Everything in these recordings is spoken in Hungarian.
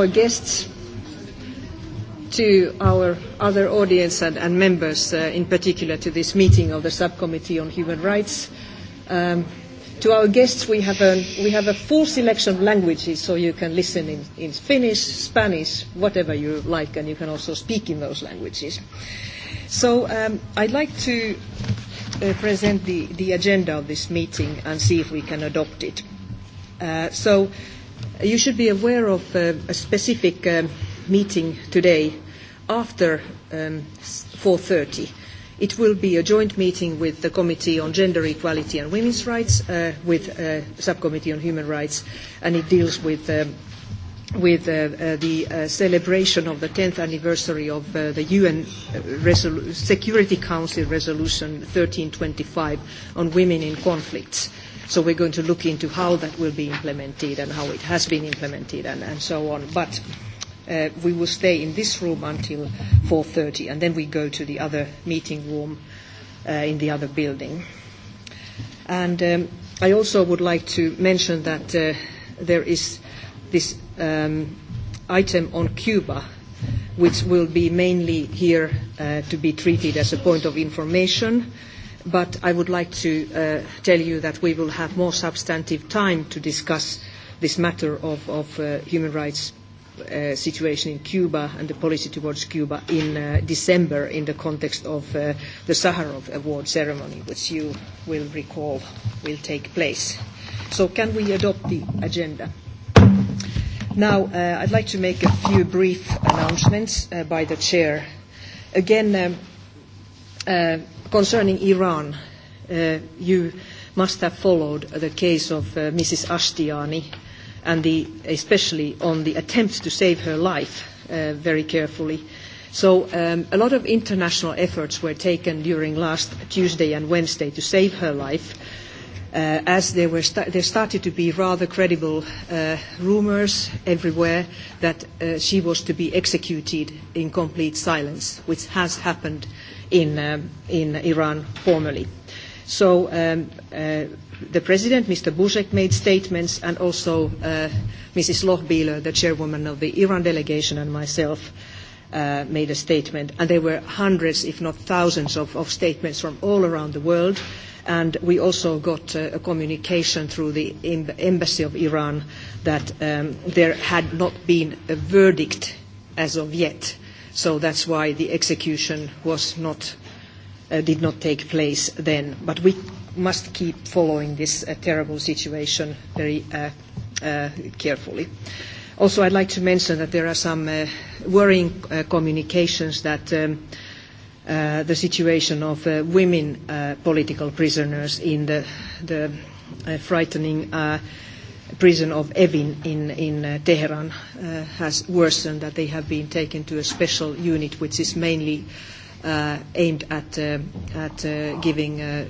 or guests, to our other audience and, and members, uh, in particular to this meeting of the Subcommittee on Human Rights. Um, to our guests, we have, a, we have a full selection of languages, so you can listen in, in Finnish, Spanish, whatever you like, and you can also speak in those languages. So um, I'd like to uh, present the, the agenda of this meeting and see if we can adopt it. Uh, so You should be aware of uh, a specific um, meeting today after um, 4.30. It will be a joint meeting with the Committee on Gender Equality and Women's Rights, uh, with uh, Subcommittee on Human Rights, and it deals with, um, with uh, uh, the uh, celebration of the 10th anniversary of uh, the UN uh, Resolu- Security Council Resolution 1325 on women in conflicts. So we're going to look into how that will be implemented and how it has been implemented and, and so on. But uh, we will stay in this room until 4.30 and then we go to the other meeting room uh, in the other building. And um, I also would like to mention that uh, there is this um, item on Cuba which will be mainly here uh, to be treated as a point of information. Uh, but I would like to uh, tell you that we will have more substantive time to discuss this matter of, of uh, human rights uh, situation in Cuba and the policy towards Cuba in uh, December in the context of uh, the Sakharov Award ceremony, which you will recall will take place. So can we adopt the agenda? Now, uh, I'd like to make a few brief announcements uh, by the chair. Again, um, uh, concerning Iran, uh, you must have followed the case of uh, Mrs. Ashtiani and the, especially on the attempts to save her life uh, very carefully. So um, a lot of international efforts were taken during last Tuesday and Wednesday to save her life. Uh, as there, were there started to be rather credible uh, rumors everywhere that uh, she was to be executed in complete silence, which has happened uh, in, uh, in Iran formally. So um, uh, the president, Mr. Buzek, made statements, and also uh, Mrs. Lochbieler, the chairwoman of the Iran delegation, and myself uh, made a statement. And there were hundreds, if not thousands, of, of statements from all around the world. And we also got uh, a communication through the em- embassy of Iran that um, there had not been a verdict as of yet So that's why the execution was not, uh, did not take place then. But we must keep following this uh, terrible situation very uh, carefully. Also, I'd like to mention that there are some worrying communications that um, the situation of women political prisoners in the, frightening prison of Evin in, in uh, Tehran uh, has worsened, that they have been taken to a special unit which is mainly uh, aimed at, uh, at uh, giving uh,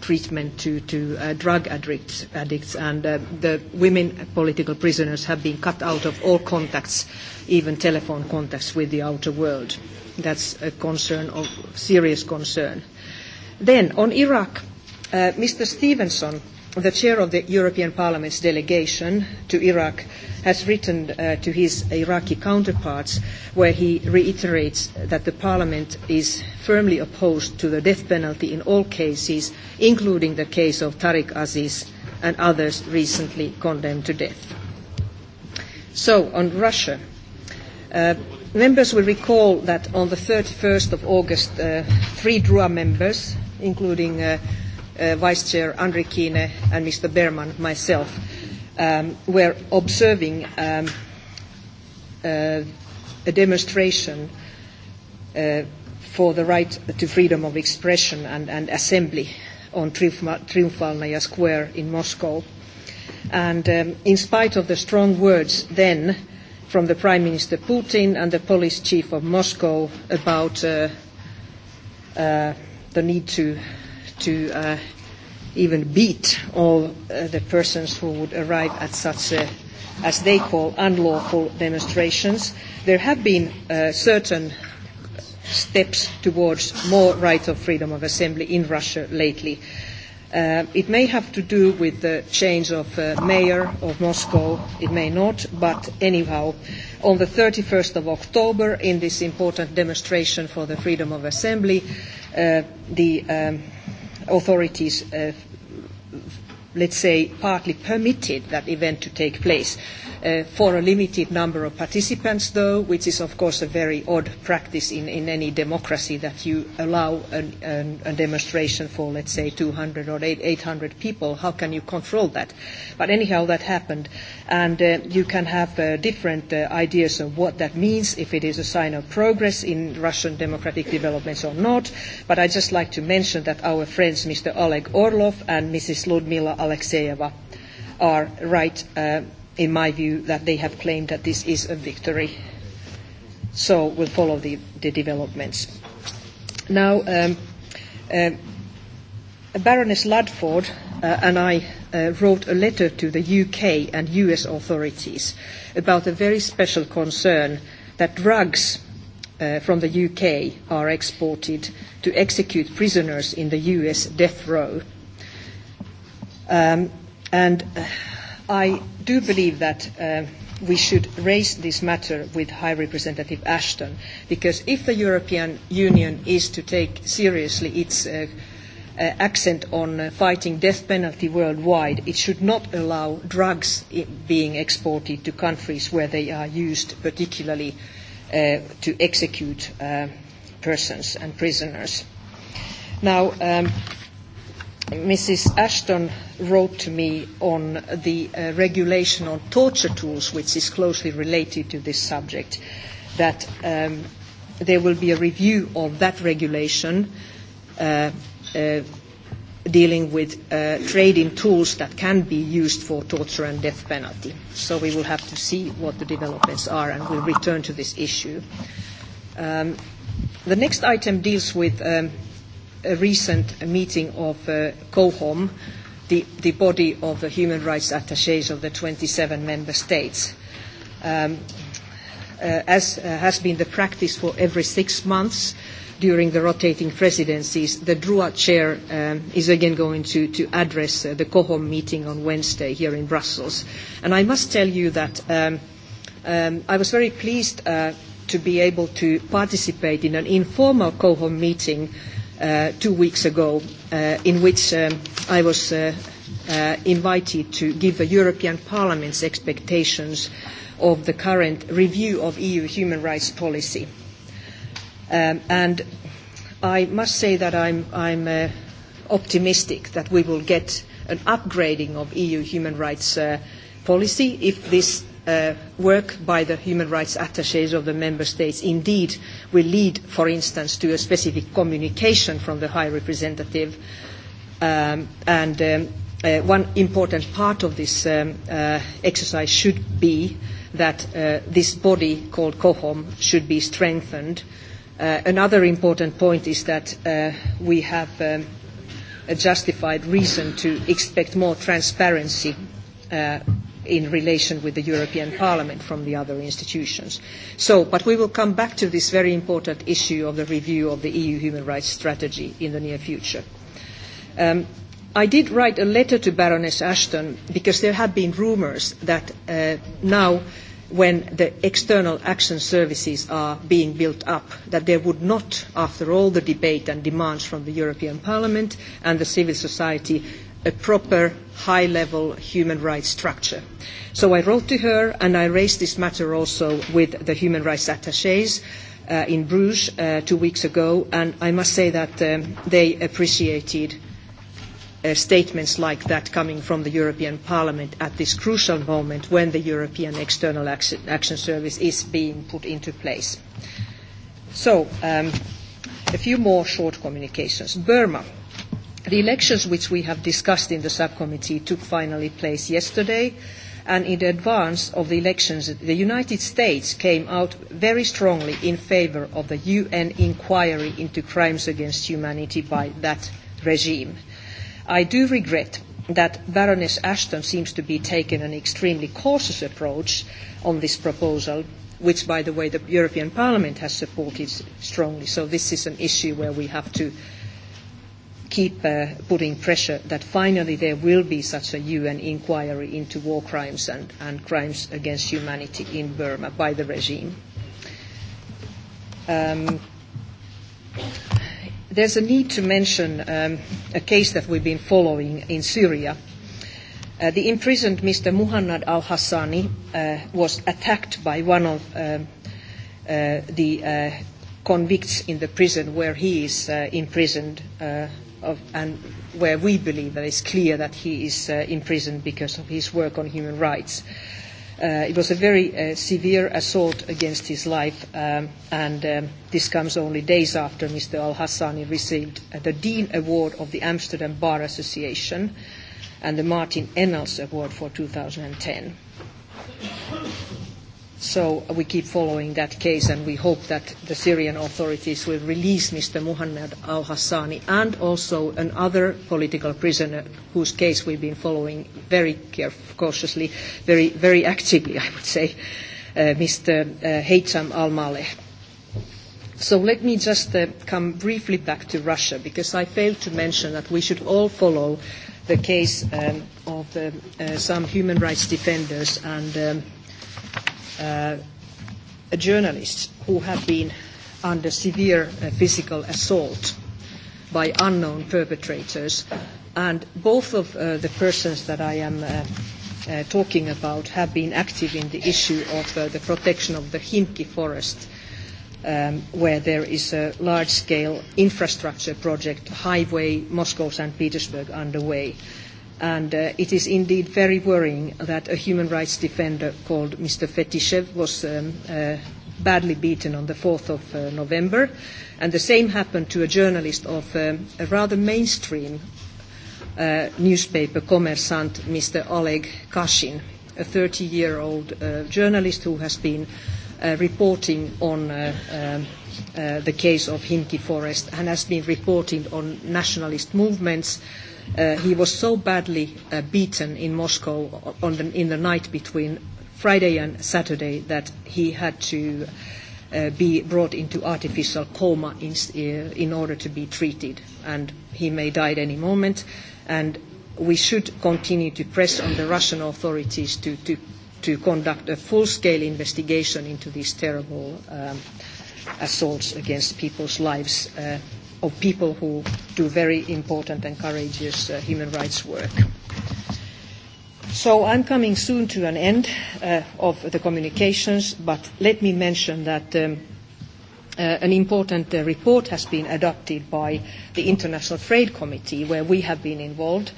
treatment to, to uh, drug addicts, addicts and uh, the women political prisoners have been cut out of all contacts, even telephone contacts with the outer world. That's a concern of serious concern. Then on Iraq, uh, Mr. Stevenson the chair of the European Parliament's delegation to Iraq has written uh, to his Iraqi counterparts where he reiterates that the Parliament is firmly opposed to the death penalty in all cases, including the case of Tariq Aziz and others recently condemned to death. So, on Russia. Uh, members will recall that on the 31st of August, uh, three DRUA members, including uh, uh, Vice Chair Andre Kine and Mr. Berman, myself, um, were observing um, uh, a demonstration uh, for the right to freedom of expression and, and assembly on Triumfalnaya Square in Moscow. And um, in spite of the strong words then from the Prime Minister Putin and the police chief of Moscow about uh, uh, the need to to uh, even beat all uh, the persons who would arrive at such a, uh, as they call, unlawful demonstrations. There have been uh, certain steps towards more right of freedom of assembly in Russia lately. Uh, it may have to do with the change of uh, mayor of Moscow, it may not, but anyhow, on the 31st of October, in this important demonstration for the freedom of assembly, uh, the um, authorities, uh, let's say, partly permitted that event to take place. Uh, uh, for a limited number of participants, though, which is, of course, a very odd practice in, in any democracy that you allow an, an, a demonstration for, let's say, 200 or 800 people. How can you control that? But anyhow, that happened. And uh, you can have uh, different uh, ideas of what that means, if it is a sign of progress in Russian democratic developments or not. But I'd just like to mention that our friends, Mr. Oleg Orlov and Mrs. Ludmila Alexeyeva, are right. Uh, in my view, that they have claimed that this is a victory. So we'll follow the, the developments. Now, um, uh, Baroness Ludford uh, and I uh, wrote a letter to the UK and US authorities about a very special concern that drugs uh, from the UK are exported to execute prisoners in the US death row. Um, and I do believe that uh, we should raise this matter with High Representative Ashton, because if the European Union is to take seriously its uh, uh, accent on uh, fighting death penalty worldwide, it should not allow drugs being exported to countries where they are used particularly uh, to execute uh, persons and prisoners. Now, um, Mrs. Ashton wrote to me on the uh, regulation on torture tools, which is closely related to this subject, that um, there will be a review of that regulation uh, uh, dealing with uh, trade in tools that can be used for torture and death penalty. So we will have to see what the developments are, and we'll return to this issue. Um, the next item deals with um, a recent meeting of uh, COHOM, the, the body of the human rights attaches of the 27 member states. Um, uh, as uh, has been the practice for every six months during the rotating presidencies, the DRUA chair um, is again going to, to address uh, the COHOM meeting on Wednesday here in Brussels. And I must tell you that um, um, I was very pleased uh, to be able to participate in an informal COHOM meeting uh, uh, two weeks ago, uh, in which um, I was uh, uh, invited to give the European Parliament's expectations of the current review of EU human rights policy. Um, and I must say that I'm, I'm uh, optimistic that we will get an upgrading of EU human rights uh, policy if this uh, work by the human rights attaches of the member states indeed will lead, for instance, to a specific communication from the High Representative. Um, and um, uh, one important part of this um, uh, exercise should be that uh, this body called COHOM should be strengthened. Uh, another important point is that uh, we have um, a justified reason to expect more transparency uh, in relation with the European Parliament from the other institutions. So, but we will come back to this very important issue of the review of the EU human rights strategy in the near future. Um, I did write a letter to Baroness Ashton because there have been rumours that uh, now when the external action services are being built up, that there would not, after all the debate and demands from the European Parliament and the civil society, a proper high level human rights structure. So I wrote to her and I raised this matter also with the human rights attaches uh, in Bruges uh, two weeks ago, and I must say that um, they appreciated uh, statements like that coming from the European Parliament at this crucial moment when the European External Action, Action Service is being put into place. So, um, a few more short communications. Burma. The elections which we have discussed in the subcommittee took finally place yesterday and in advance of the elections, the United States came out very strongly in favor of the UN inquiry into crimes against humanity by that regime. I do regret that Baroness Ashton seems to be taking an extremely cautious approach on this proposal, which, by the way, the European Parliament has supported strongly. So this is an issue where we have to keep uh, putting pressure that finally there will be such a UN inquiry into war crimes and, and crimes against humanity in Burma by the regime. Um, there's a need to mention um, a case that we've been following in Syria. Uh, the imprisoned Mr. Muhammad al-Hassani uh, was attacked by one of um, uh, the uh, convicts in the prison where he is uh, imprisoned uh, of, and where we believe that it's clear that he is uh, imprisoned because of his work on human rights. Uh, it was a very uh, severe assault against his life, um, and um, this comes only days after Mr. Al Hassani received uh, the Dean Award of the Amsterdam Bar Association and the Martin Ennals Award for 2010. So we keep following that case, and we hope that the Syrian authorities will release Mr. Muhammad al-Hassani and also another political prisoner whose case we've been following very cautiously, very, very actively, I would say, uh, Mr. Uh, al-Maleh. So let me just uh, come briefly back to Russia, because I failed to mention that we should all follow the case um, of um, uh, some human rights defenders and um, uh, journalist who had been under severe uh, physical assault by unknown perpetrators. And both of uh, the persons that I am uh, uh, talking about have been active in the issue of uh, the protection of the Himki forest, um, where there is a large-scale infrastructure project, highway Moscow-St. Petersburg underway. Uh, And uh, it is indeed very worrying that a human rights defender called Mr. Fetishev was um, uh, badly beaten on the 4th of uh, November. And the same happened to a journalist of um, a rather mainstream uh, newspaper, Kommersant, Mr. Oleg Kashin, a 30-year-old uh, journalist who has been uh, reporting on uh, uh, uh, the case of Hinki Forest and has been reporting on nationalist movements Uh, he was so badly uh, beaten in Moscow on the, in the night between Friday and Saturday that he had to uh, be brought into artificial coma in, uh, in order to be treated. And he may die at any moment. And we should continue to press on the Russian authorities to, to, to conduct a full-scale investigation into these terrible um, assaults against people's lives. Uh, of people who do very important and courageous uh, human rights work. So I'm coming soon to an end uh, of the communications, but let me mention that um, uh, an important uh, report has been adopted by the International Trade Committee, where we have been involved,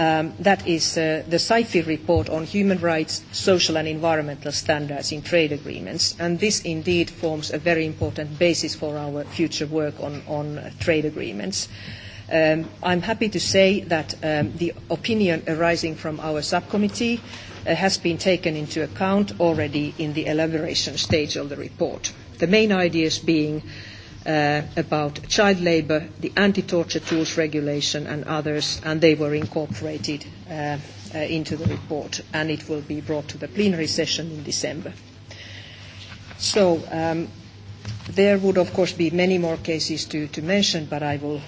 Um, that is uh, the SciFi report on human rights, social and environmental standards in trade agreements. And this indeed forms a very important basis for our future work on, on trade agreements. Um, I'm happy to say that um, the opinion arising from our subcommittee uh, has been taken into account already in the elaboration stage of the report. The main ideas being uh, uh, about child labour, the anti-torture tools regulation and others, and they were incorporated uh, uh, into the report, and it will be brought to the plenary session in December. So um, there would, of course, be many more cases to, to mention, but I will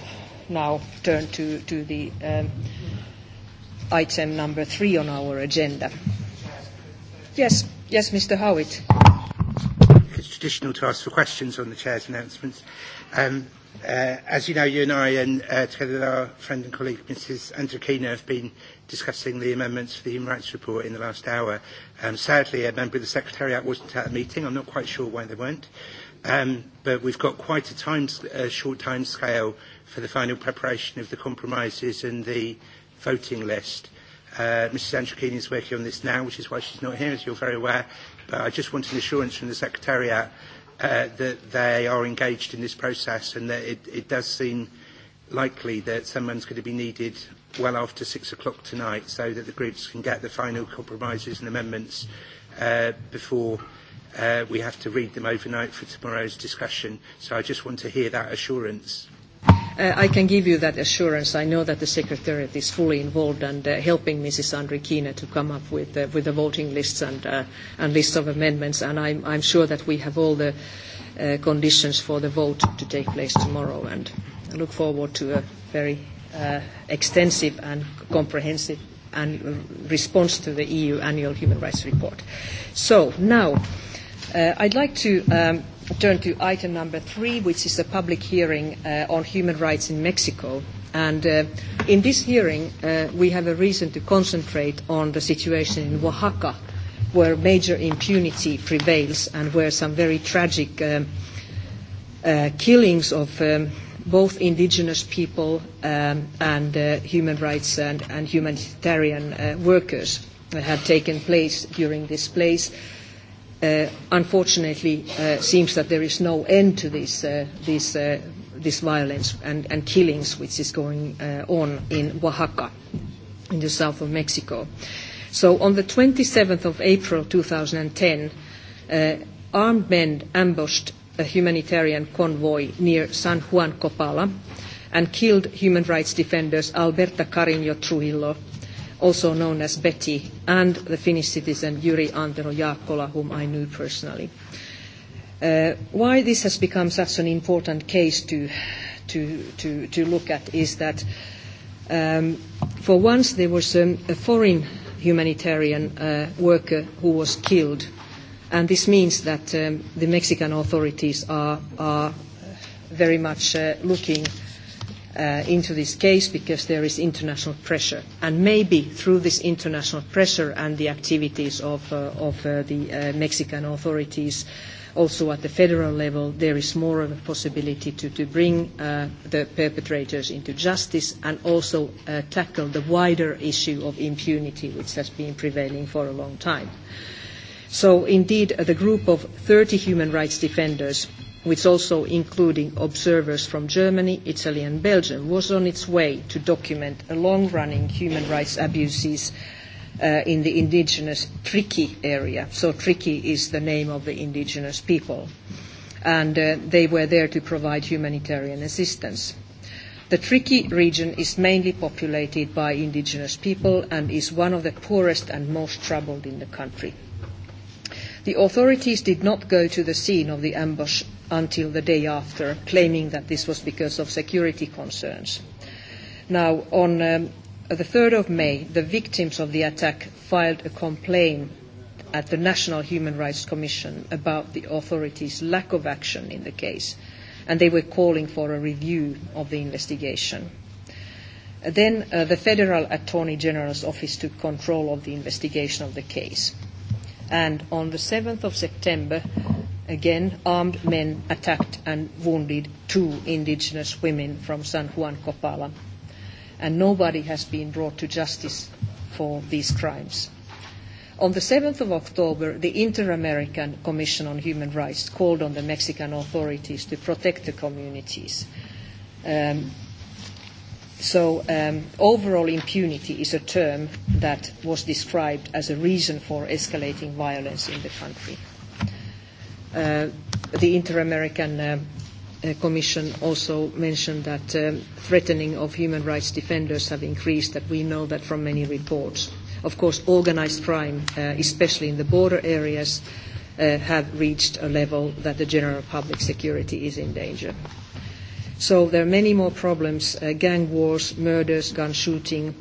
now turn to, to the um, item number three on our agenda. Yes, yes, Mr. Howitt traditional to ask for questions on the Chair's announcements. Um, uh, as you know, you and I, and uh, together with our friend and colleague Mrs Andrikina, have been discussing the amendments for the Human Rights Report in the last hour. Um, sadly, a member of the Secretariat wasn't at the meeting. I'm not quite sure why they weren't. Um, but we've got quite a time, a short time scale for the final preparation of the compromises and the voting list. Uh, Mrs Andrikina is working on this now, which is why she's not here, as you're very aware But I just want an assurance from the Secretariat uh, that they are engaged in this process and that it, it does seem likely that someone's going to be needed well after six o'clock tonight so that the groups can get the final compromises and amendments uh, before uh, we have to read them overnight for tomorrow's discussion. So I just want to hear that assurance. Uh, I can give you that assurance. I know that the Secretariat is fully involved and uh, helping Mrs. Andrikina to come up with, uh, with the voting lists and, uh, and lists of amendments, and I'm, I'm sure that we have all the uh, conditions for the vote to take place tomorrow, and I look forward to a very uh, extensive and comprehensive an response to the EU annual human rights report. So now, uh, I'd like to um, turn to item number three, which is a public hearing uh, on human rights in Mexico. And uh, in this hearing, uh, we have a reason to concentrate on the situation in Oaxaca, where major impunity prevails and where some very tragic um, uh, killings of um, both indigenous people um, and uh, human rights and, and humanitarian uh, workers have taken place during this place uh, unfortunately uh, seems that there is no end to this, uh, this, uh, this violence and, and killings which is going uh, on in Oaxaca, in the south of Mexico. So on the 27th of April 2010, uh, armed men ambushed a humanitarian convoy near San Juan Copala and killed human rights defenders Alberta Carino Trujillo also known as Betty, and the Finnish citizen Yuri Antero Jaakkola, whom I knew personally. Uh, why this has become such an important case to, to, to, to look at is that um, for once there was um, a foreign humanitarian uh, worker who was killed. And this means that um, the Mexican authorities are, are very much uh, looking uh, into this case because there is international pressure. And maybe through this international pressure and the activities of, uh, of uh, the uh, Mexican authorities, also at the federal level, there is more of a possibility to, to bring uh, the perpetrators into justice and also uh, tackle the wider issue of impunity, which has been prevailing for a long time. So indeed, uh, the group of 30 human rights defenders which also including observers from Germany, Italy and Belgium, was on its way to document a long-running human rights abuses uh, in the indigenous Triki area. So Triki is the name of the indigenous people. And uh, they were there to provide humanitarian assistance. The Triki region is mainly populated by indigenous people and is one of the poorest and most troubled in the country. The authorities did not go to the scene of the ambush until the day after, claiming that this was because of security concerns. Now, on um, the 3rd of May, the victims of the attack filed a complaint at the National Human Rights Commission about the authorities' lack of action in the case, and they were calling for a review of the investigation. Then uh, the Federal Attorney General's office took control of the investigation of the case. And on the 7th of September, Again, armed men attacked and wounded two indigenous women from San Juan Copala. And nobody has been brought to justice for these crimes. On the 7th of October, the Inter-American Commission on Human Rights called on the Mexican authorities to protect the communities. Um, so um, overall impunity is a term that was described as a reason for escalating violence in the country. Uh, the Inter-American uh, uh, Commission also mentioned that um, threatening of human rights defenders have increased, that we know that from many reports. Of course, organized crime, uh, especially in the border areas, uh, have reached a level that the general public security is in danger. So there are many more problems, uh, gang wars, murders, gun shooting,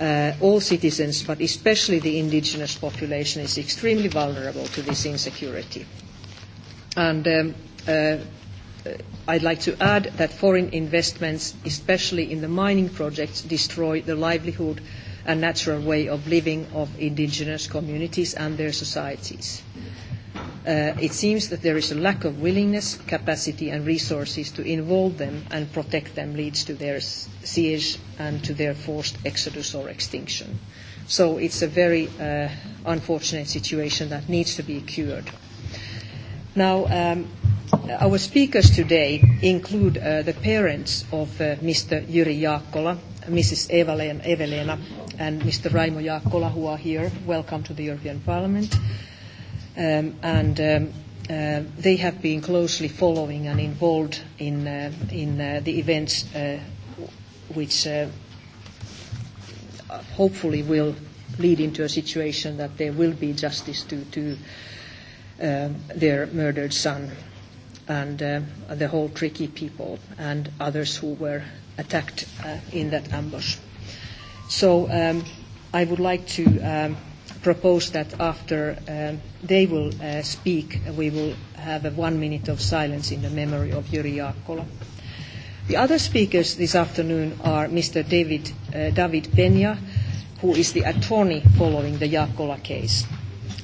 Uh, all citizens, but especially the indigenous population, is extremely vulnerable to this insecurity. And um, uh, I'd like to add that foreign investments, especially in the mining projects, destroy the livelihood and natural way of living of indigenous communities and their societies. Uh, it seems that there is a lack of willingness, capacity and resources to involve them and protect them leads to their siege and to their forced exodus or extinction. So it's a very uh, unfortunate situation that needs to be cured. Now, um, our speakers today include uh, the parents of uh, Mr. Yuri Jaakkola, Mrs. Evelena, Evelena and Mr. Raimo Jaakkola, who are here. Welcome to the European Parliament. Um, and um, uh, they have been closely following and involved in, uh, in uh, the events uh, which uh, hopefully will lead into a situation that there will be justice to, to uh, uh, their murdered son and uh, the whole tricky people and others who were attacked uh, in that ambush. So um, I would like to um, propose that after um, they will uh, speak, we will have a one minute of silence in the memory of Yuri Yakola. The other speakers this afternoon are Mr. David, uh, David Peña, who is the attorney following the Yakola case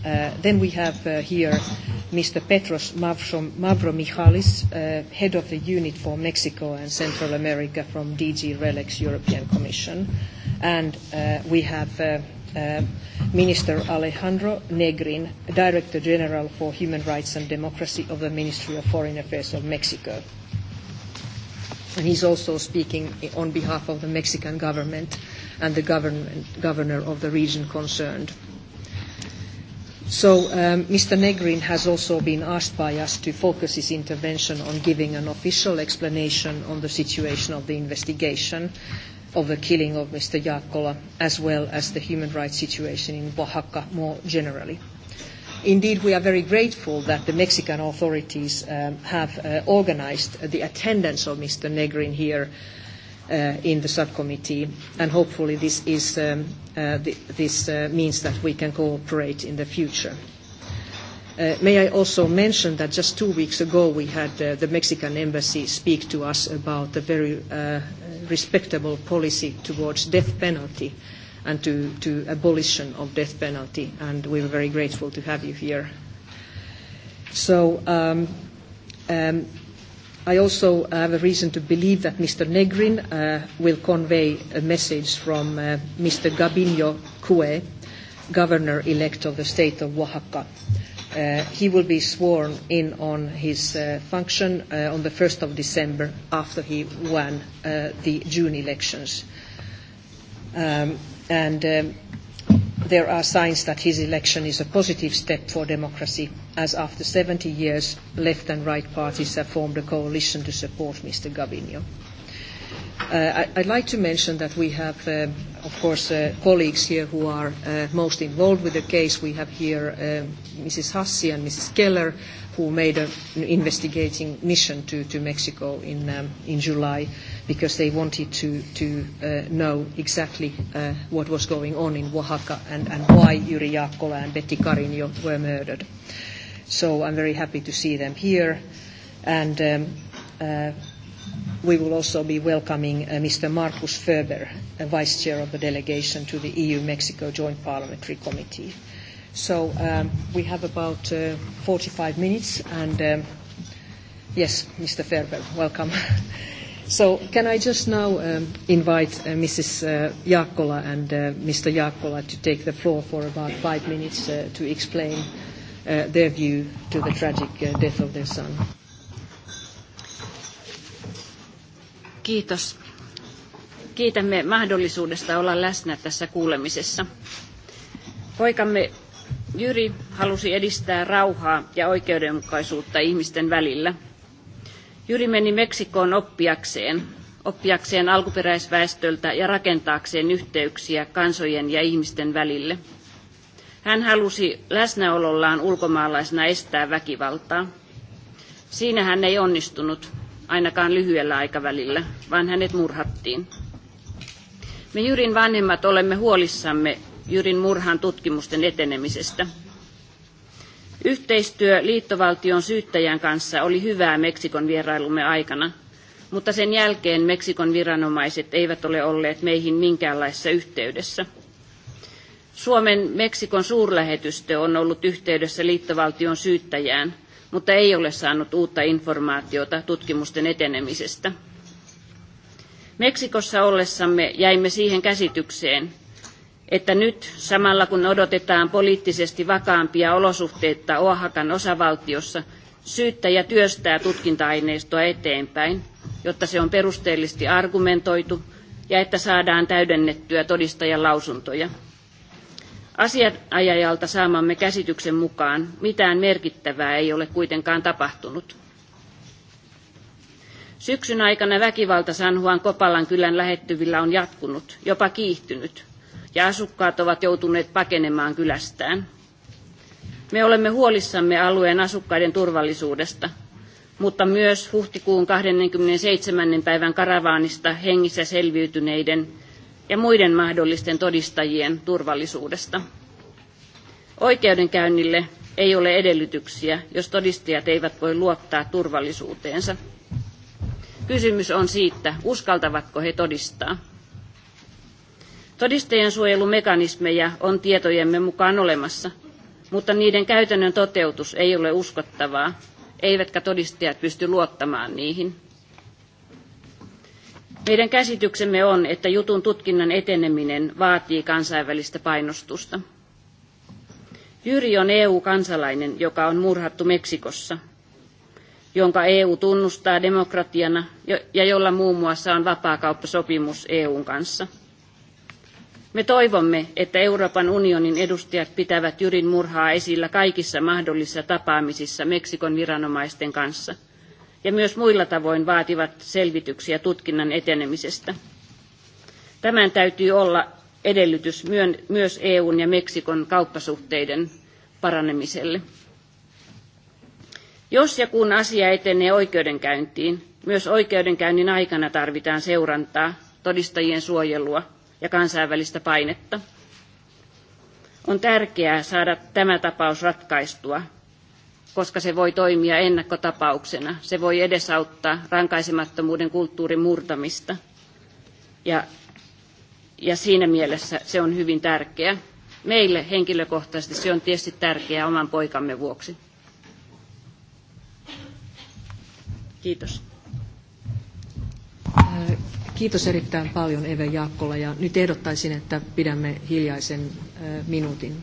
Uh, then we have uh, here Mr. Petros Mavromichalis, uh, head of the unit for Mexico and Central America from DG RELEX European Commission. And uh, we have uh, uh, Minister Alejandro Negrin, Director General for Human Rights and Democracy of the Ministry of Foreign Affairs of Mexico. And he's also speaking on behalf of the Mexican government and the government, governor of the region concerned. So um, Mr. Negrin has also been asked by us to focus his intervention on giving an official explanation on the situation of the investigation of the killing of Mr. Jaakkola, as well as the human rights situation in Oaxaca more generally. Indeed, we are very grateful that the Mexican authorities um, have uh, organized the attendance of Mr. Negrin here uh, in the subcommittee, and hopefully this, is, um, uh, th this uh, means that we can cooperate in the future. Uh, may I also mention that just two weeks ago we had uh, the Mexican embassy speak to us about the very uh, respectable policy towards death penalty and to, to abolition of death penalty, and we were very grateful to have you here. So um, um, I also have a reason to believe that Mr. Negrin uh, will convey a message from uh, Mr. Gabinho Cue, governor-elect of the state of Oaxaca. Uh, he will be sworn in on his uh, function uh, on the 1st of December after he won uh, the June elections. Um, and um, there are signs that his election is a positive step for democracy, as after 70 years, left and right parties have formed a coalition to support Mr. Gavinio. Uh, I'd like to mention that we have, uh, of course, uh, colleagues here who are uh, most involved with the case. We have here uh, Mrs. Hassi and Mrs. Keller, who made an investigating mission to, to Mexico in, um, in July because they wanted to, to uh, know exactly uh, what was going on in Oaxaca and, and why Yuri Jaakkola and Betty Carino were murdered. So I'm very happy to see them here. And um, uh, we will also be welcoming uh, Mr. Markus Ferber, uh, Vice Chair of the Delegation to the EU-Mexico Joint Parliamentary Committee. So um, we have about 45 uh, minutes, and um, yes, Mr. Ferber, welcome. so can I just now um, invite uh, Mrs. Uh, Jaakkola and Mr. Jaakkola to take the floor for about five minutes to explain their view to the tragic death of their son. Kiitos. Kiitämme mahdollisuudesta olla läsnä tässä kuulemisessa. Poikamme Jyri halusi edistää rauhaa ja oikeudenmukaisuutta ihmisten välillä. Jyri meni Meksikoon oppiakseen, oppiakseen alkuperäisväestöltä ja rakentaakseen yhteyksiä kansojen ja ihmisten välille. Hän halusi läsnäolollaan ulkomaalaisena estää väkivaltaa. Siinä hän ei onnistunut, ainakaan lyhyellä aikavälillä, vaan hänet murhattiin. Me Jyrin vanhemmat olemme huolissamme Jyrin murhan tutkimusten etenemisestä. Yhteistyö liittovaltion syyttäjän kanssa oli hyvää Meksikon vierailumme aikana, mutta sen jälkeen Meksikon viranomaiset eivät ole olleet meihin minkäänlaisessa yhteydessä. Suomen Meksikon suurlähetystö on ollut yhteydessä liittovaltion syyttäjään, mutta ei ole saanut uutta informaatiota tutkimusten etenemisestä. Meksikossa ollessamme jäimme siihen käsitykseen, että nyt samalla kun odotetaan poliittisesti vakaampia olosuhteita Oahakan osavaltiossa, syyttäjä työstää tutkinta-aineistoa eteenpäin, jotta se on perusteellisesti argumentoitu ja että saadaan täydennettyä todistajan lausuntoja. Asianajajalta saamamme käsityksen mukaan mitään merkittävää ei ole kuitenkaan tapahtunut. Syksyn aikana väkivalta San Juan Kopalan kylän lähettyvillä on jatkunut, jopa kiihtynyt – ja asukkaat ovat joutuneet pakenemaan kylästään. Me olemme huolissamme alueen asukkaiden turvallisuudesta, mutta myös huhtikuun 27. päivän karavaanista hengissä selviytyneiden ja muiden mahdollisten todistajien turvallisuudesta. Oikeudenkäynnille ei ole edellytyksiä, jos todistajat eivät voi luottaa turvallisuuteensa. Kysymys on siitä, uskaltavatko he todistaa. Todistajien suojelumekanismeja on tietojemme mukaan olemassa, mutta niiden käytännön toteutus ei ole uskottavaa, eivätkä todistajat pysty luottamaan niihin. Meidän käsityksemme on, että jutun tutkinnan eteneminen vaatii kansainvälistä painostusta. Jyri on EU-kansalainen, joka on murhattu Meksikossa, jonka EU tunnustaa demokratiana ja jolla muun muassa on vapaakauppasopimus EUn kanssa – Me toivomme, että Euroopan unionin edustajat pitävät Jyrin murhaa esillä kaikissa mahdollisissa tapaamisissa Meksikon viranomaisten kanssa ja myös muilla tavoin vaativat selvityksiä tutkinnan etenemisestä. Tämän täytyy olla edellytys myös EUn ja Meksikon kauppasuhteiden paranemiselle. Jos ja kun asia etenee oikeudenkäyntiin, myös oikeudenkäynnin aikana tarvitaan seurantaa, todistajien suojelua ja kansainvälistä painetta. On tärkeää saada tämä tapaus ratkaistua, koska se voi toimia ennakkotapauksena. Se voi edesauttaa rankaisemattomuuden kulttuurin murtamista. Ja, ja siinä mielessä se on hyvin tärkeä. Meille henkilökohtaisesti se on tietysti tärkeää oman poikamme vuoksi. Kiitos. Äh, Kiitos erittäin paljon Eve Jaakkola ja nyt ehdottaisin, että pidämme hiljaisen minuutin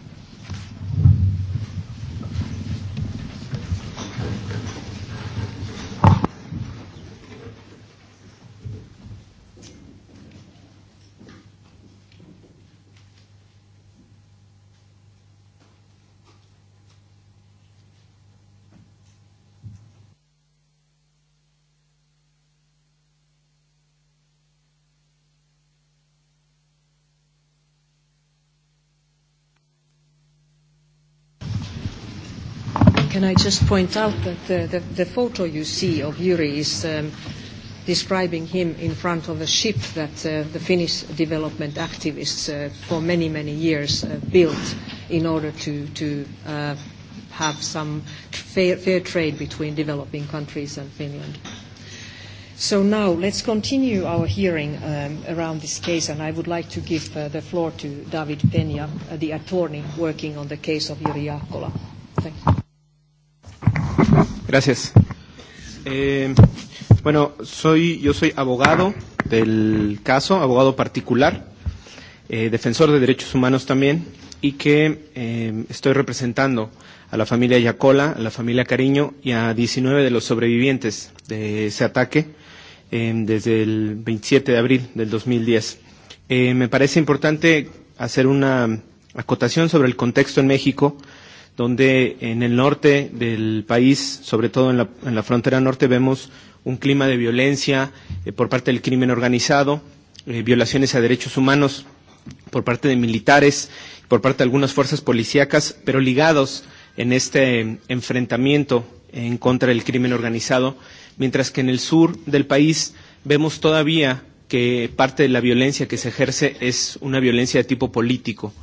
Can I just point out that the, uh, the, the photo you see of Yuri is um, describing him in front of a ship that uh, the Finnish development activists uh, for many, many years uh, built in order to, to uh, have some fair, fair trade between developing countries and Finland. So now let's continue our hearing um, around this case, and I would like to give uh, the floor to David Peña, uh, the attorney working on the case of Yuri Jaakkola. Thank you. Gracias. Eh, bueno, soy, yo soy abogado del caso, abogado particular, eh, defensor de derechos humanos también, y que eh, estoy representando a la familia Yacola, a la familia Cariño y a 19 de los sobrevivientes de ese ataque eh, desde el 27 de abril del 2010. Eh, me parece importante hacer una acotación sobre el contexto en México donde en el norte del país, sobre todo en la, en la frontera norte, vemos un clima de violencia eh, por parte del crimen organizado, eh, violaciones a derechos humanos por parte de militares, por parte de algunas fuerzas policíacas, pero ligados en este enfrentamiento en contra del crimen organizado, mientras que en el sur del país vemos todavía que parte de la violencia que se ejerce es una violencia de tipo político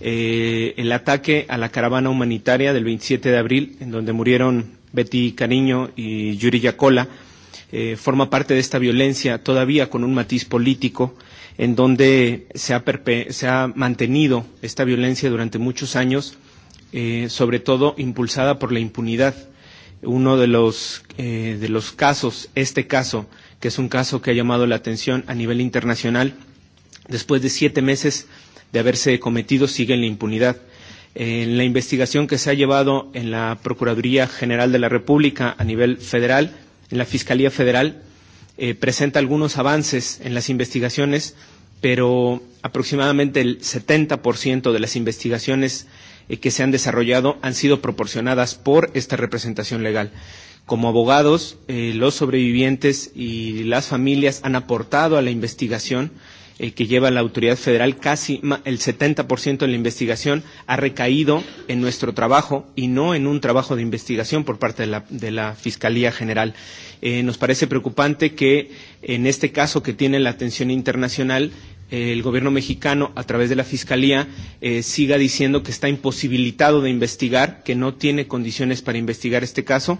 eh, el ataque a la caravana humanitaria del 27 de abril, en donde murieron Betty Cariño y Yuri Yacola, eh, forma parte de esta violencia todavía con un matiz político, en donde se ha, se ha mantenido esta violencia durante muchos años, eh, sobre todo impulsada por la impunidad. Uno de los, eh, de los casos, este caso, que es un caso que ha llamado la atención a nivel internacional, después de siete meses de haberse cometido sigue en la impunidad. En eh, la investigación que se ha llevado en la Procuraduría General de la República a nivel federal, en la Fiscalía Federal, eh, presenta algunos avances en las investigaciones, pero aproximadamente el 70% de las investigaciones eh, que se han desarrollado han sido proporcionadas por esta representación legal. Como abogados, eh, los sobrevivientes y las familias han aportado a la investigación eh, que lleva la autoridad federal. Casi el 70% de la investigación ha recaído en nuestro trabajo y no en un trabajo de investigación por parte de la, de la Fiscalía General. Eh, nos parece preocupante que en este caso que tiene la atención internacional el gobierno mexicano, a través de la Fiscalía, eh, siga diciendo que está imposibilitado de investigar, que no tiene condiciones para investigar este caso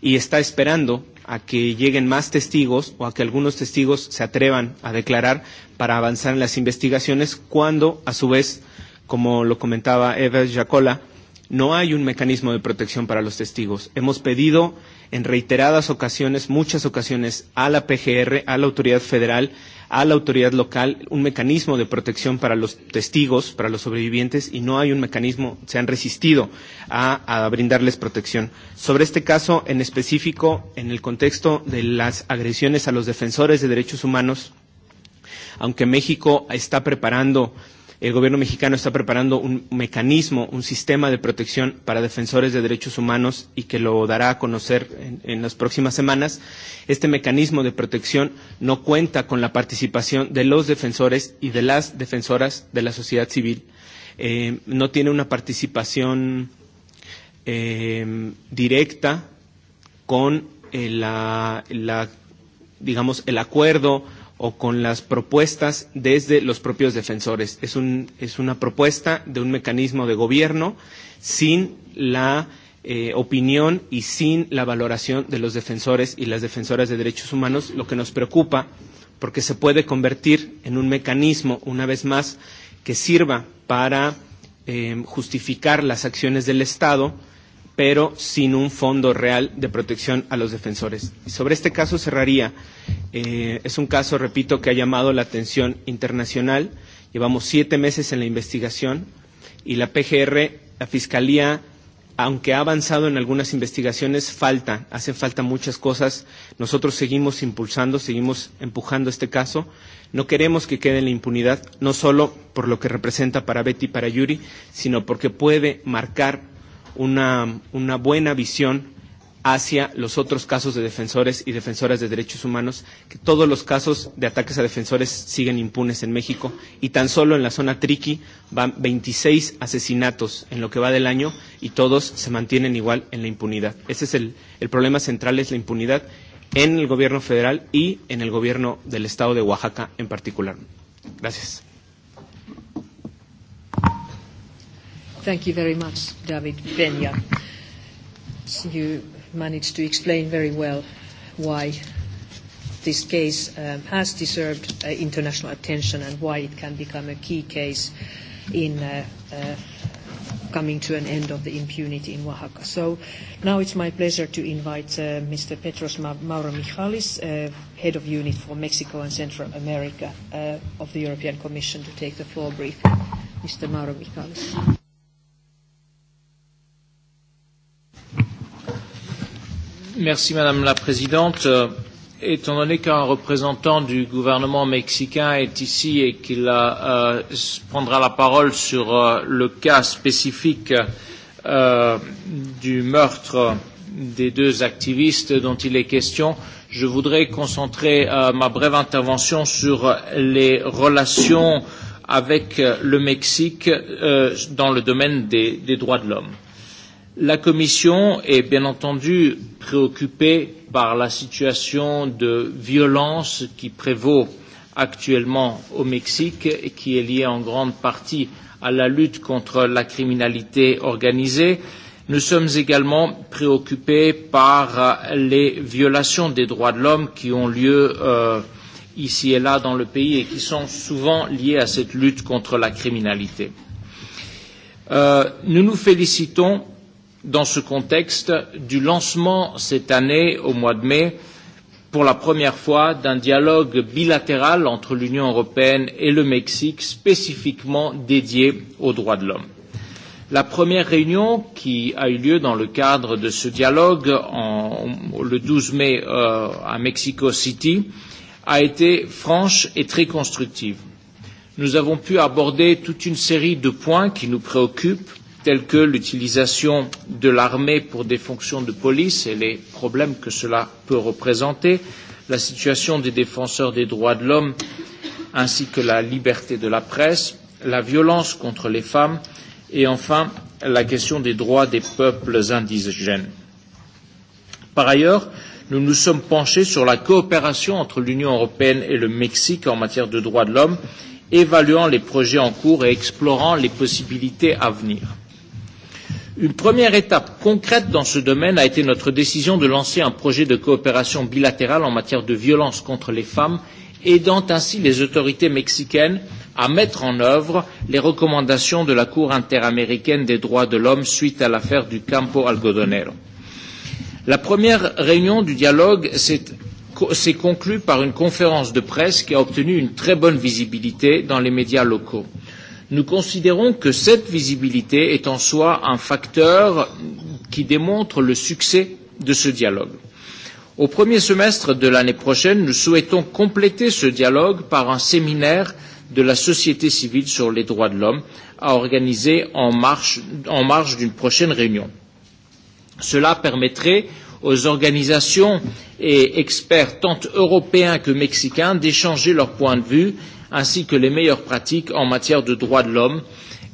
y está esperando a que lleguen más testigos o a que algunos testigos se atrevan a declarar para avanzar en las investigaciones cuando, a su vez, como lo comentaba Eva Jacola, no hay un mecanismo de protección para los testigos. Hemos pedido en reiteradas ocasiones, muchas ocasiones, a la PGR, a la autoridad federal, a la autoridad local un mecanismo de protección para los testigos, para los sobrevivientes, y no hay un mecanismo, se han resistido a, a brindarles protección. Sobre este caso en específico, en el contexto de las agresiones a los defensores de derechos humanos, aunque México está preparando el gobierno mexicano está preparando un mecanismo, un sistema de protección para defensores de derechos humanos y que lo dará a conocer en, en las próximas semanas. Este mecanismo de protección no cuenta con la participación de los defensores y de las defensoras de la sociedad civil. Eh, no tiene una participación eh, directa con eh, la, la, digamos, el acuerdo o con las propuestas desde los propios defensores. Es, un, es una propuesta de un mecanismo de gobierno sin la eh, opinión y sin la valoración de los defensores y las defensoras de derechos humanos, lo que nos preocupa porque se puede convertir en un mecanismo, una vez más, que sirva para eh, justificar las acciones del Estado, pero sin un fondo real de protección a los defensores. Y sobre este caso cerraría. Eh, es un caso, repito, que ha llamado la atención internacional. Llevamos siete meses en la investigación y la PGR, la Fiscalía, aunque ha avanzado en algunas investigaciones, falta, hacen falta muchas cosas. Nosotros seguimos impulsando, seguimos empujando este caso. No queremos que quede en la impunidad, no solo por lo que representa para Betty y para Yuri, sino porque puede marcar una, una buena visión hacia los otros casos de defensores y defensoras de derechos humanos, que todos los casos de ataques a defensores siguen impunes en México y tan solo en la zona Triqui van 26 asesinatos en lo que va del año y todos se mantienen igual en la impunidad. Ese es el, el problema central, es la impunidad en el gobierno federal y en el gobierno del estado de Oaxaca en particular. Gracias. Thank you very much, David Peña. You managed to explain very well why this case uh, has deserved uh, international attention and why it can become a key case in uh, uh, coming to an end of the impunity in Oaxaca. So now it's my pleasure to invite uh, Mr. Petros Ma- Mauro Michalis, uh, Head of Unit for Mexico and Central America uh, of the European Commission, to take the floor briefly. Mr. Mauro Michalis. Merci Madame la Présidente. Euh, étant donné qu'un représentant du gouvernement mexicain est ici et qu'il euh, prendra la parole sur euh, le cas spécifique euh, du meurtre des deux activistes dont il est question, je voudrais concentrer euh, ma brève intervention sur les relations avec le Mexique euh, dans le domaine des, des droits de l'homme. Euh, La Commission est bien entendu préoccupée par la situation de violence qui prévaut actuellement au Mexique et qui est liée en grande partie à la lutte contre la criminalité organisée. Nous sommes également préoccupés par les violations des droits de l'homme qui ont lieu euh, ici et là dans le pays et qui sont souvent liées à cette lutte contre la criminalité. Euh, nous nous félicitons dans ce contexte du lancement cette année, au mois de mai, pour la première fois, d'un dialogue bilatéral entre l'Union européenne et le Mexique spécifiquement dédié aux droits de l'homme. La première réunion qui a eu lieu dans le cadre de ce dialogue en, le 12 mai euh, à Mexico City a été franche et très constructive. Nous avons pu aborder toute une série de points qui nous préoccupent, telles que l'utilisation de l'armée pour des fonctions de police et les problèmes que cela peut représenter, la situation des défenseurs des droits de l'homme ainsi que la liberté de la presse, la violence contre les femmes et enfin la question des droits des peuples indigènes. Par ailleurs, nous nous sommes penchés sur la coopération entre l'Union européenne et le Mexique en matière de droits de l'homme, évaluant les projets en cours et explorant les possibilités à venir. Une première étape concrète dans ce domaine a été notre décision de lancer un projet de coopération bilatérale en matière de violence contre les femmes, aidant ainsi les autorités mexicaines à mettre en œuvre les recommandations de la Cour interaméricaine des droits de l'homme suite à l'affaire du Campo Algodonero. La première réunion du dialogue s'est conclue par une conférence de presse qui a obtenu une très bonne visibilité dans les médias locaux nous considérons que cette visibilité est en soi un facteur qui démontre le succès de ce dialogue. Au premier semestre de l'année prochaine, nous souhaitons compléter ce dialogue par un séminaire de la société civile sur les droits de l'homme à organiser en, marche, en marge d'une prochaine réunion. Cela permettrait aux organisations et experts tant européens que mexicains d'échanger leurs points de vue ainsi que les meilleures pratiques en matière de droits de l'homme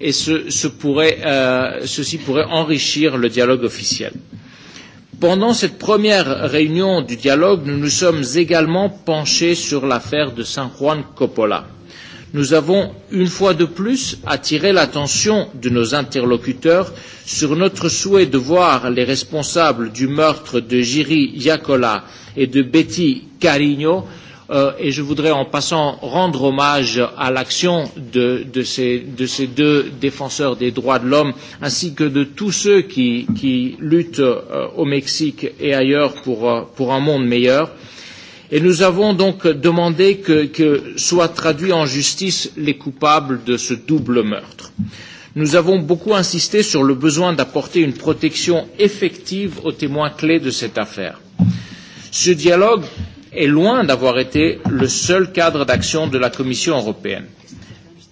et ce, ce pourrait, euh, ceci pourrait enrichir le dialogue officiel. Pendant cette première réunion du dialogue, nous nous sommes également penchés sur l'affaire de San Juan Coppola. Nous avons une fois de plus attiré l'attention de nos interlocuteurs sur notre souhait de voir les responsables du meurtre de Jiri Yacola et de Betty Carigno euh, et je voudrais en passant rendre hommage à l'action de, de, ces, de ces deux défenseurs des droits de l'homme ainsi que de tous ceux qui, qui luttent euh, au Mexique et ailleurs pour, euh, pour un monde meilleur. Et nous avons donc demandé que, que soient traduits en justice les coupables de ce double meurtre. Nous avons beaucoup insisté sur le besoin d'apporter une protection effective aux témoins clés de cette affaire. Ce dialogue est loin d'avoir été le seul cadre d'action de la Commission européenne.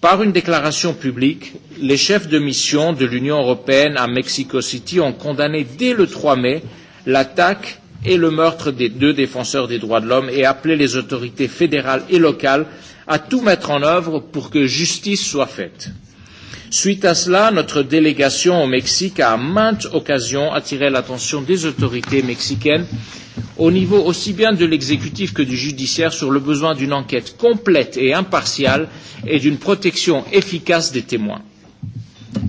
Par une déclaration publique, les chefs de mission de l'Union européenne à Mexico City ont condamné dès le 3 mai l'attaque et le meurtre des deux défenseurs des droits de l'homme et appelé les autorités fédérales et locales à tout mettre en œuvre pour que justice soit faite. Suite à cela, notre délégation au Mexique a à maintes occasions attiré l'attention des autorités mexicaines, au niveau aussi bien de l'exécutif que du judiciaire, sur le besoin d'une enquête complète et impartiale et d'une protection efficace des témoins.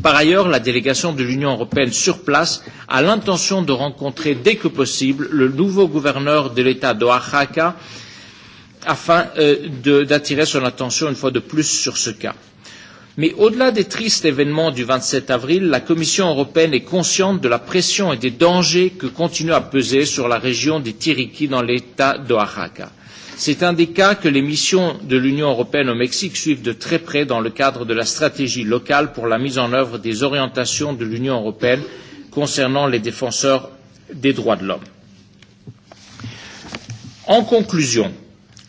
Par ailleurs, la délégation de l'Union européenne sur place a l'intention de rencontrer dès que possible le nouveau gouverneur de l'État de Oaxaca afin euh, d'attirer son attention une fois de plus sur ce cas. Mais au-delà des tristes événements du 27 avril, la Commission européenne est consciente de la pression et des dangers que continue à peser sur la région des Tiriki dans l'État d'Oaxaca. C'est un des cas que les missions de l'Union européenne au Mexique suivent de très près dans le cadre de la stratégie locale pour la mise en œuvre des orientations de l'Union européenne concernant les défenseurs des droits de l'homme. En conclusion,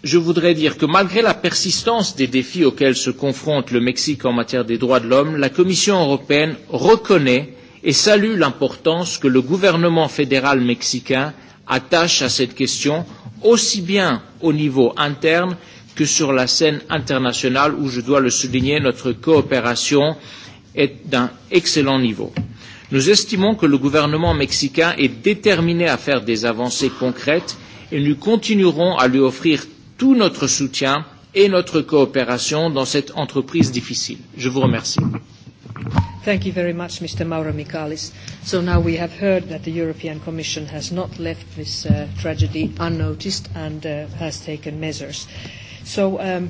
je voudrais dire que malgré la persistance des défis auxquels se confronte le Mexique en matière des droits de l'homme, la Commission européenne reconnaît et salue l'importance que le gouvernement fédéral mexicain attache à cette question, aussi bien au niveau interne que sur la scène internationale où, je dois le souligner, notre coopération est d'un excellent niveau. Nous estimons que le gouvernement mexicain est déterminé à faire des avancées concrètes et nous continuerons à lui offrir tout notre soutien et notre coopération dans cette entreprise difficile. Je vous remercie. Thank you very much, Mr. Mauro Michalis. So now we have heard that the European Commission has not left this uh, tragedy unnoticed and uh, has taken measures. So um,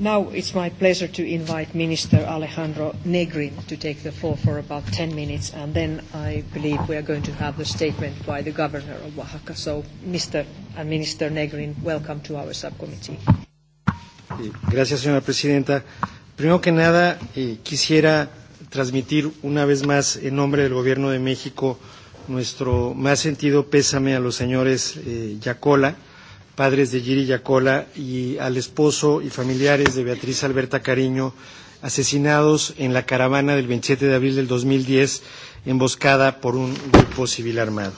Now it's my pleasure to invite Minister Alejandro Negrin to take the floor for about 10 minutes, and then I believe we are going to have the statement by the Governor of Oaxaca. So, Mr. and Minister Negrin, welcome to our subcommittee. Gracias, señora presidenta. Primero que nada, eh, quisiera transmitir una vez más en nombre del Gobierno de México nuestro más sentido pésame a los señores eh, Yacola padres de Giri Yacola y al esposo y familiares de Beatriz Alberta Cariño, asesinados en la caravana del 27 de abril del 2010, emboscada por un grupo civil armado.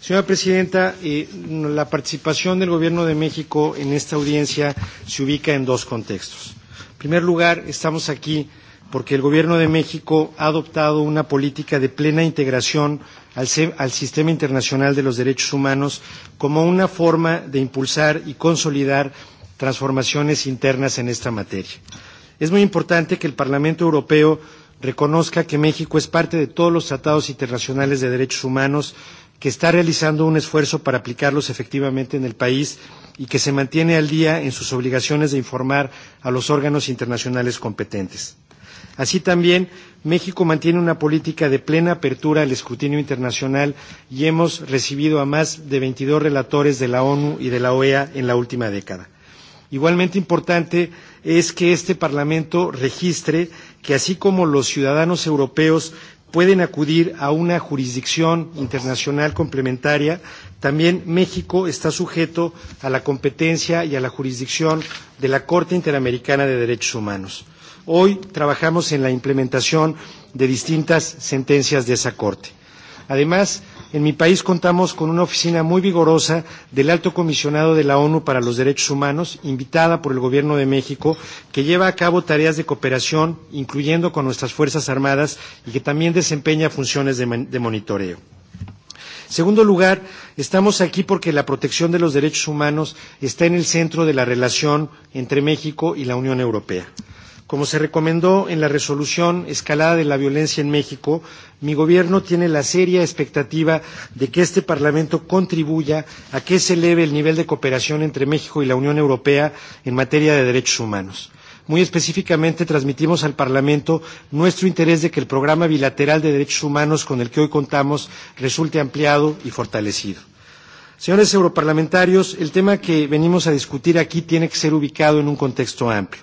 Señora Presidenta, eh, la participación del Gobierno de México en esta audiencia se ubica en dos contextos. En primer lugar, estamos aquí porque el Gobierno de México ha adoptado una política de plena integración al, al sistema internacional de los derechos humanos como una forma de impulsar y consolidar transformaciones internas en esta materia. Es muy importante que el Parlamento Europeo reconozca que México es parte de todos los tratados internacionales de derechos humanos, que está realizando un esfuerzo para aplicarlos efectivamente en el país y que se mantiene al día en sus obligaciones de informar a los órganos internacionales competentes. Así también, México mantiene una política de plena apertura al escrutinio internacional y hemos recibido a más de 22 relatores de la ONU y de la OEA en la última década. Igualmente importante es que este Parlamento registre que así como los ciudadanos europeos pueden acudir a una jurisdicción internacional complementaria, también México está sujeto a la competencia y a la jurisdicción de la Corte Interamericana de Derechos Humanos. Hoy trabajamos en la implementación de distintas sentencias de esa Corte. Además, en mi país contamos con una oficina muy vigorosa del Alto Comisionado de la ONU para los Derechos Humanos, invitada por el Gobierno de México, que lleva a cabo tareas de cooperación, incluyendo con nuestras Fuerzas Armadas, y que también desempeña funciones de, de monitoreo. Segundo lugar, estamos aquí porque la protección de los derechos humanos está en el centro de la relación entre México y la Unión Europea. Como se recomendó en la resolución Escalada de la Violencia en México, mi Gobierno tiene la seria expectativa de que este Parlamento contribuya a que se eleve el nivel de cooperación entre México y la Unión Europea en materia de derechos humanos. Muy específicamente transmitimos al Parlamento nuestro interés de que el programa bilateral de derechos humanos con el que hoy contamos resulte ampliado y fortalecido. Señores europarlamentarios, el tema que venimos a discutir aquí tiene que ser ubicado en un contexto amplio.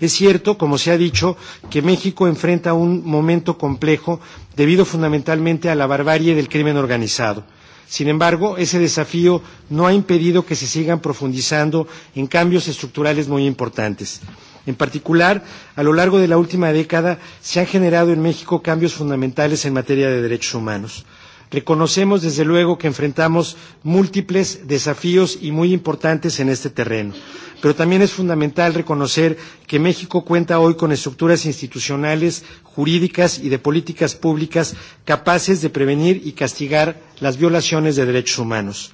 Es cierto, como se ha dicho, que México enfrenta un momento complejo debido fundamentalmente a la barbarie del crimen organizado. Sin embargo, ese desafío no ha impedido que se sigan profundizando en cambios estructurales muy importantes. En particular, a lo largo de la última década se han generado en México cambios fundamentales en materia de derechos humanos. Reconocemos desde luego que enfrentamos múltiples desafíos y muy importantes en este terreno, pero también es fundamental reconocer que México cuenta hoy con estructuras institucionales, jurídicas y de políticas públicas capaces de prevenir y castigar las violaciones de derechos humanos.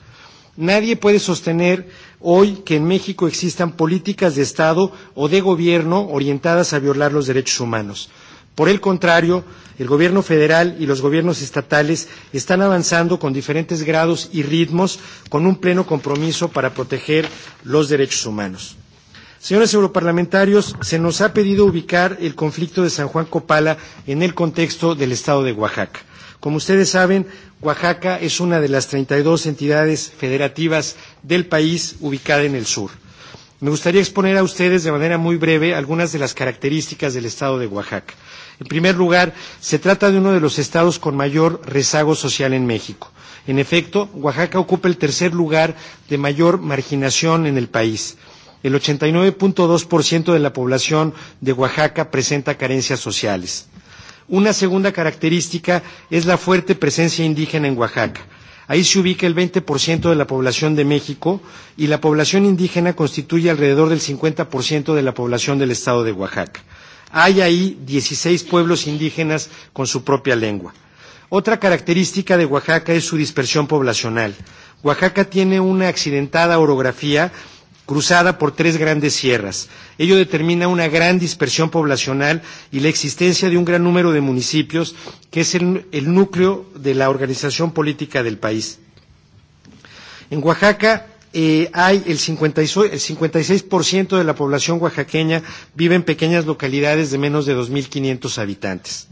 Nadie puede sostener hoy que en México existan políticas de Estado o de Gobierno orientadas a violar los derechos humanos. Por el contrario, el gobierno federal y los gobiernos estatales están avanzando con diferentes grados y ritmos con un pleno compromiso para proteger los derechos humanos. Señores europarlamentarios, se nos ha pedido ubicar el conflicto de San Juan Copala en el contexto del Estado de Oaxaca. Como ustedes saben, Oaxaca es una de las 32 entidades federativas del país ubicada en el sur. Me gustaría exponer a ustedes de manera muy breve algunas de las características del Estado de Oaxaca. En primer lugar, se trata de uno de los estados con mayor rezago social en México. En efecto, Oaxaca ocupa el tercer lugar de mayor marginación en el país. El 89.2% de la población de Oaxaca presenta carencias sociales. Una segunda característica es la fuerte presencia indígena en Oaxaca. Ahí se ubica el 20% de la población de México y la población indígena constituye alrededor del 50% de la población del estado de Oaxaca. Hay ahí 16 pueblos indígenas con su propia lengua. Otra característica de Oaxaca es su dispersión poblacional. Oaxaca tiene una accidentada orografía cruzada por tres grandes sierras. Ello determina una gran dispersión poblacional y la existencia de un gran número de municipios, que es el, el núcleo de la organización política del país. En Oaxaca eh, hay el 56%, el 56 de la población oaxaqueña vive en pequeñas localidades de menos de 2.500 habitantes.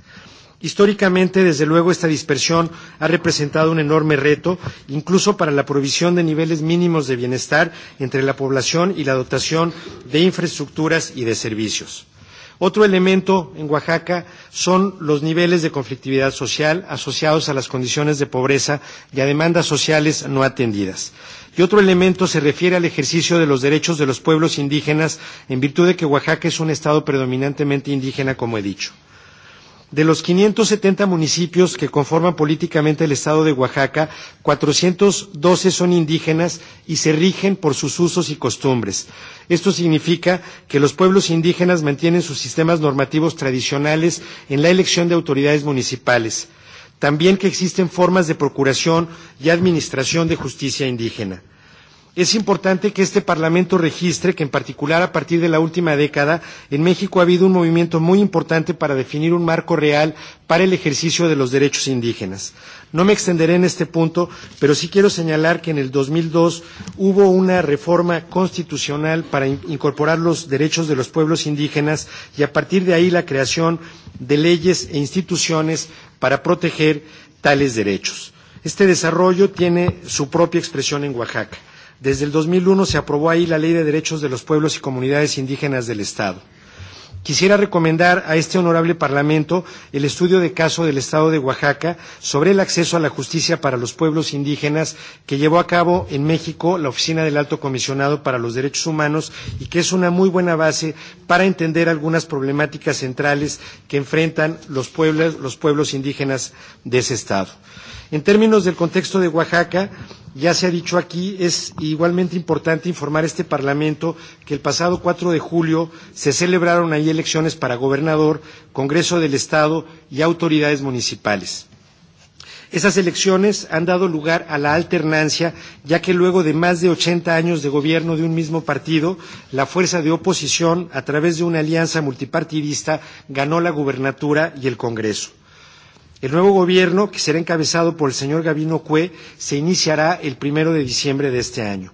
Históricamente, desde luego, esta dispersión ha representado un enorme reto, incluso para la provisión de niveles mínimos de bienestar entre la población y la dotación de infraestructuras y de servicios. Otro elemento en Oaxaca son los niveles de conflictividad social asociados a las condiciones de pobreza y a demandas sociales no atendidas. Y otro elemento se refiere al ejercicio de los derechos de los pueblos indígenas, en virtud de que Oaxaca es un estado predominantemente indígena, como he dicho. De los 570 municipios que conforman políticamente el estado de Oaxaca, 412 son indígenas y se rigen por sus usos y costumbres. Esto significa que los pueblos indígenas mantienen sus sistemas normativos tradicionales en la elección de autoridades municipales. También que existen formas de procuración y administración de justicia indígena. Es importante que este Parlamento registre que, en particular a partir de la última década, en México ha habido un movimiento muy importante para definir un marco real para el ejercicio de los derechos indígenas. No me extenderé en este punto, pero sí quiero señalar que en el 2002 hubo una reforma constitucional para incorporar los derechos de los pueblos indígenas y a partir de ahí la creación de leyes e instituciones para proteger tales derechos. Este desarrollo tiene su propia expresión en Oaxaca. Desde el 2001 se aprobó ahí la Ley de Derechos de los Pueblos y Comunidades Indígenas del Estado. Quisiera recomendar a este honorable Parlamento el estudio de caso del Estado de Oaxaca sobre el acceso a la justicia para los pueblos indígenas que llevó a cabo en México la Oficina del Alto Comisionado para los Derechos Humanos y que es una muy buena base para entender algunas problemáticas centrales que enfrentan los pueblos, los pueblos indígenas de ese Estado. En términos del contexto de Oaxaca, ya se ha dicho aquí, es igualmente importante informar a este Parlamento que el pasado 4 de julio se celebraron ahí elecciones para gobernador, Congreso del Estado y autoridades municipales. Esas elecciones han dado lugar a la alternancia, ya que luego de más de 80 años de gobierno de un mismo partido, la fuerza de oposición, a través de una alianza multipartidista, ganó la gubernatura y el Congreso. El nuevo gobierno, que será encabezado por el señor Gabino Cue, se iniciará el primero de diciembre de este año.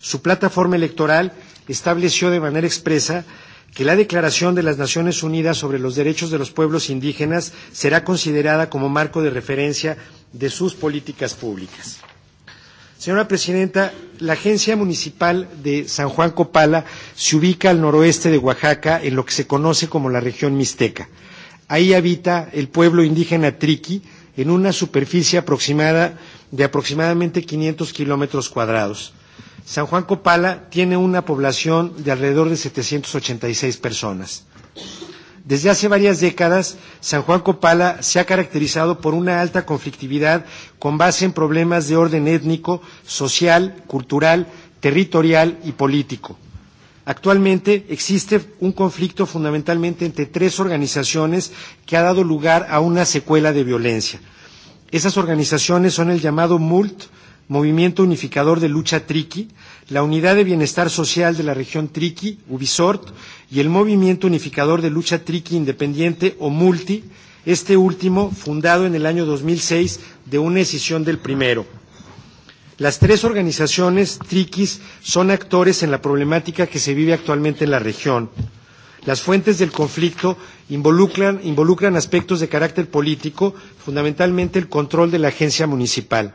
Su plataforma electoral estableció de manera expresa que la Declaración de las Naciones Unidas sobre los Derechos de los Pueblos Indígenas será considerada como marco de referencia de sus políticas públicas. Señora Presidenta, la Agencia Municipal de San Juan Copala se ubica al noroeste de Oaxaca, en lo que se conoce como la región mixteca. Ahí habita el pueblo indígena Triqui en una superficie aproximada de aproximadamente 500 kilómetros cuadrados. San Juan Copala tiene una población de alrededor de 786 personas. Desde hace varias décadas, San Juan Copala se ha caracterizado por una alta conflictividad con base en problemas de orden étnico, social, cultural, territorial y político. Actualmente existe un conflicto fundamentalmente entre tres organizaciones que ha dado lugar a una secuela de violencia. Esas organizaciones son el llamado MULT, Movimiento Unificador de Lucha Triqui, la Unidad de Bienestar Social de la Región Triqui, Ubisort, y el Movimiento Unificador de Lucha Triqui Independiente o MULTI, este último fundado en el año 2006 de una decisión del primero. Las tres organizaciones triquis son actores en la problemática que se vive actualmente en la región. Las fuentes del conflicto involucran, involucran aspectos de carácter político, fundamentalmente el control de la agencia municipal.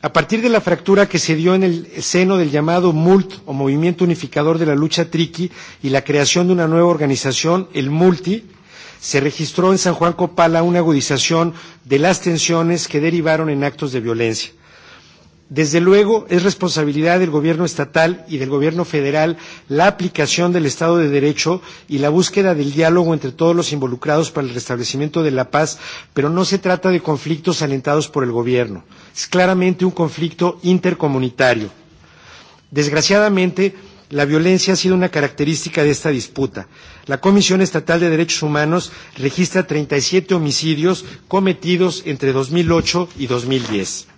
A partir de la fractura que se dio en el seno del llamado MULT o Movimiento Unificador de la Lucha Triqui y la creación de una nueva organización, el MULTI, se registró en San Juan Copala una agudización de las tensiones que derivaron en actos de violencia. Desde luego, es responsabilidad del Gobierno estatal y del Gobierno federal la aplicación del Estado de Derecho y la búsqueda del diálogo entre todos los involucrados para el restablecimiento de la paz, pero no se trata de conflictos alentados por el Gobierno. Es claramente un conflicto intercomunitario. Desgraciadamente, La violencia ha sido una característica de esta disputa. La Comisión Estatal de Derechos Humanos registra 37 homicidios cometidos entre 2008 y 2010.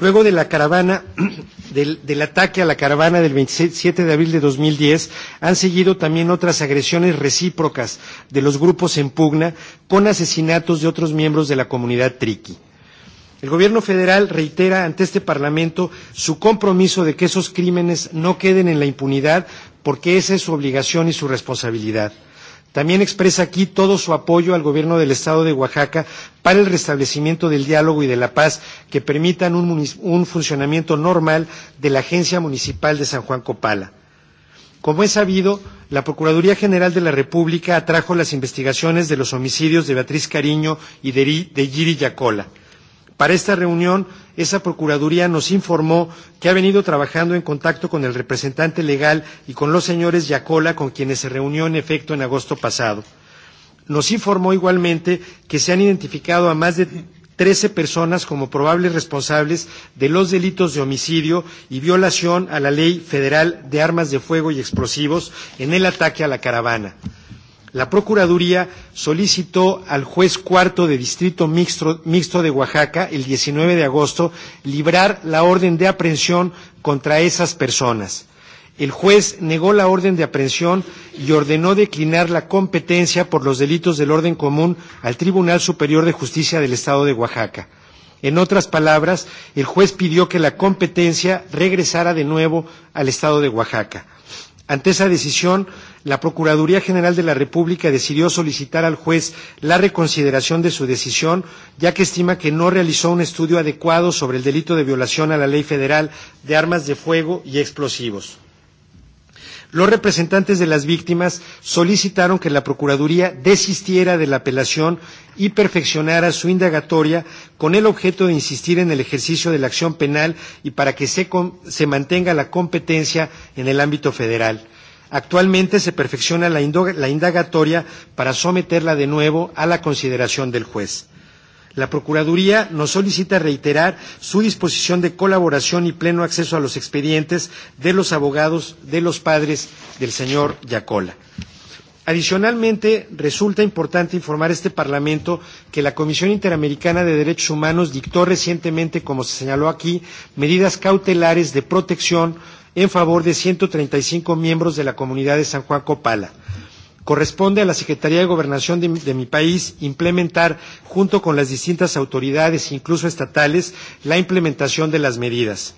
Luego de la caravana, del, del ataque a la caravana del 27 de abril de 2010, han seguido también otras agresiones recíprocas de los grupos en pugna con asesinatos de otros miembros de la comunidad triqui. El gobierno federal reitera ante este Parlamento su compromiso de que esos crímenes no queden en la impunidad porque esa es su obligación y su responsabilidad. También expresa aquí todo su apoyo al gobierno del Estado de Oaxaca para el restablecimiento del diálogo y de la paz que permitan un, un funcionamiento normal de la Agencia Municipal de San Juan Copala. Como es sabido, la Procuraduría General de la República atrajo las investigaciones de los homicidios de Beatriz Cariño y de, de Giri Yacola. Para esta reunión, esa Procuraduría nos informó que ha venido trabajando en contacto con el representante legal y con los señores Yacola, con quienes se reunió en efecto en agosto pasado. Nos informó igualmente que se han identificado a más de 13 personas como probables responsables de los delitos de homicidio y violación a la Ley Federal de Armas de Fuego y Explosivos en el ataque a la caravana la Procuraduría solicitó al juez cuarto de distrito mixto, mixto de Oaxaca el 19 de agosto librar la orden de aprehensión contra esas personas. El juez negó la orden de aprehensión y ordenó declinar la competencia por los delitos del orden común al Tribunal Superior de Justicia del Estado de Oaxaca. En otras palabras, el juez pidió que la competencia regresara de nuevo al Estado de Oaxaca. Ante esa decisión, la Procuraduría General de la República decidió solicitar al juez la reconsideración de su decisión, ya que estima que no realizó un estudio adecuado sobre el delito de violación a la ley federal de armas de fuego y explosivos. Los representantes de las víctimas solicitaron que la Procuraduría desistiera de la apelación y perfeccionara su indagatoria con el objeto de insistir en el ejercicio de la acción penal y para que se, con, se mantenga la competencia en el ámbito federal. Actualmente se perfecciona la, la indagatoria para someterla de nuevo a la consideración del juez. La Procuraduría nos solicita reiterar su disposición de colaboración y pleno acceso a los expedientes de los abogados de los padres del señor Yacola. Adicionalmente, resulta importante informar a este Parlamento que la Comisión Interamericana de Derechos Humanos dictó recientemente, como se señaló aquí, medidas cautelares de protección en favor de 135 miembros de la comunidad de San Juan Copala Corresponde a la Secretaría de Gobernación de, de mi país implementar, junto con las distintas autoridades, incluso estatales, la implementación de las medidas.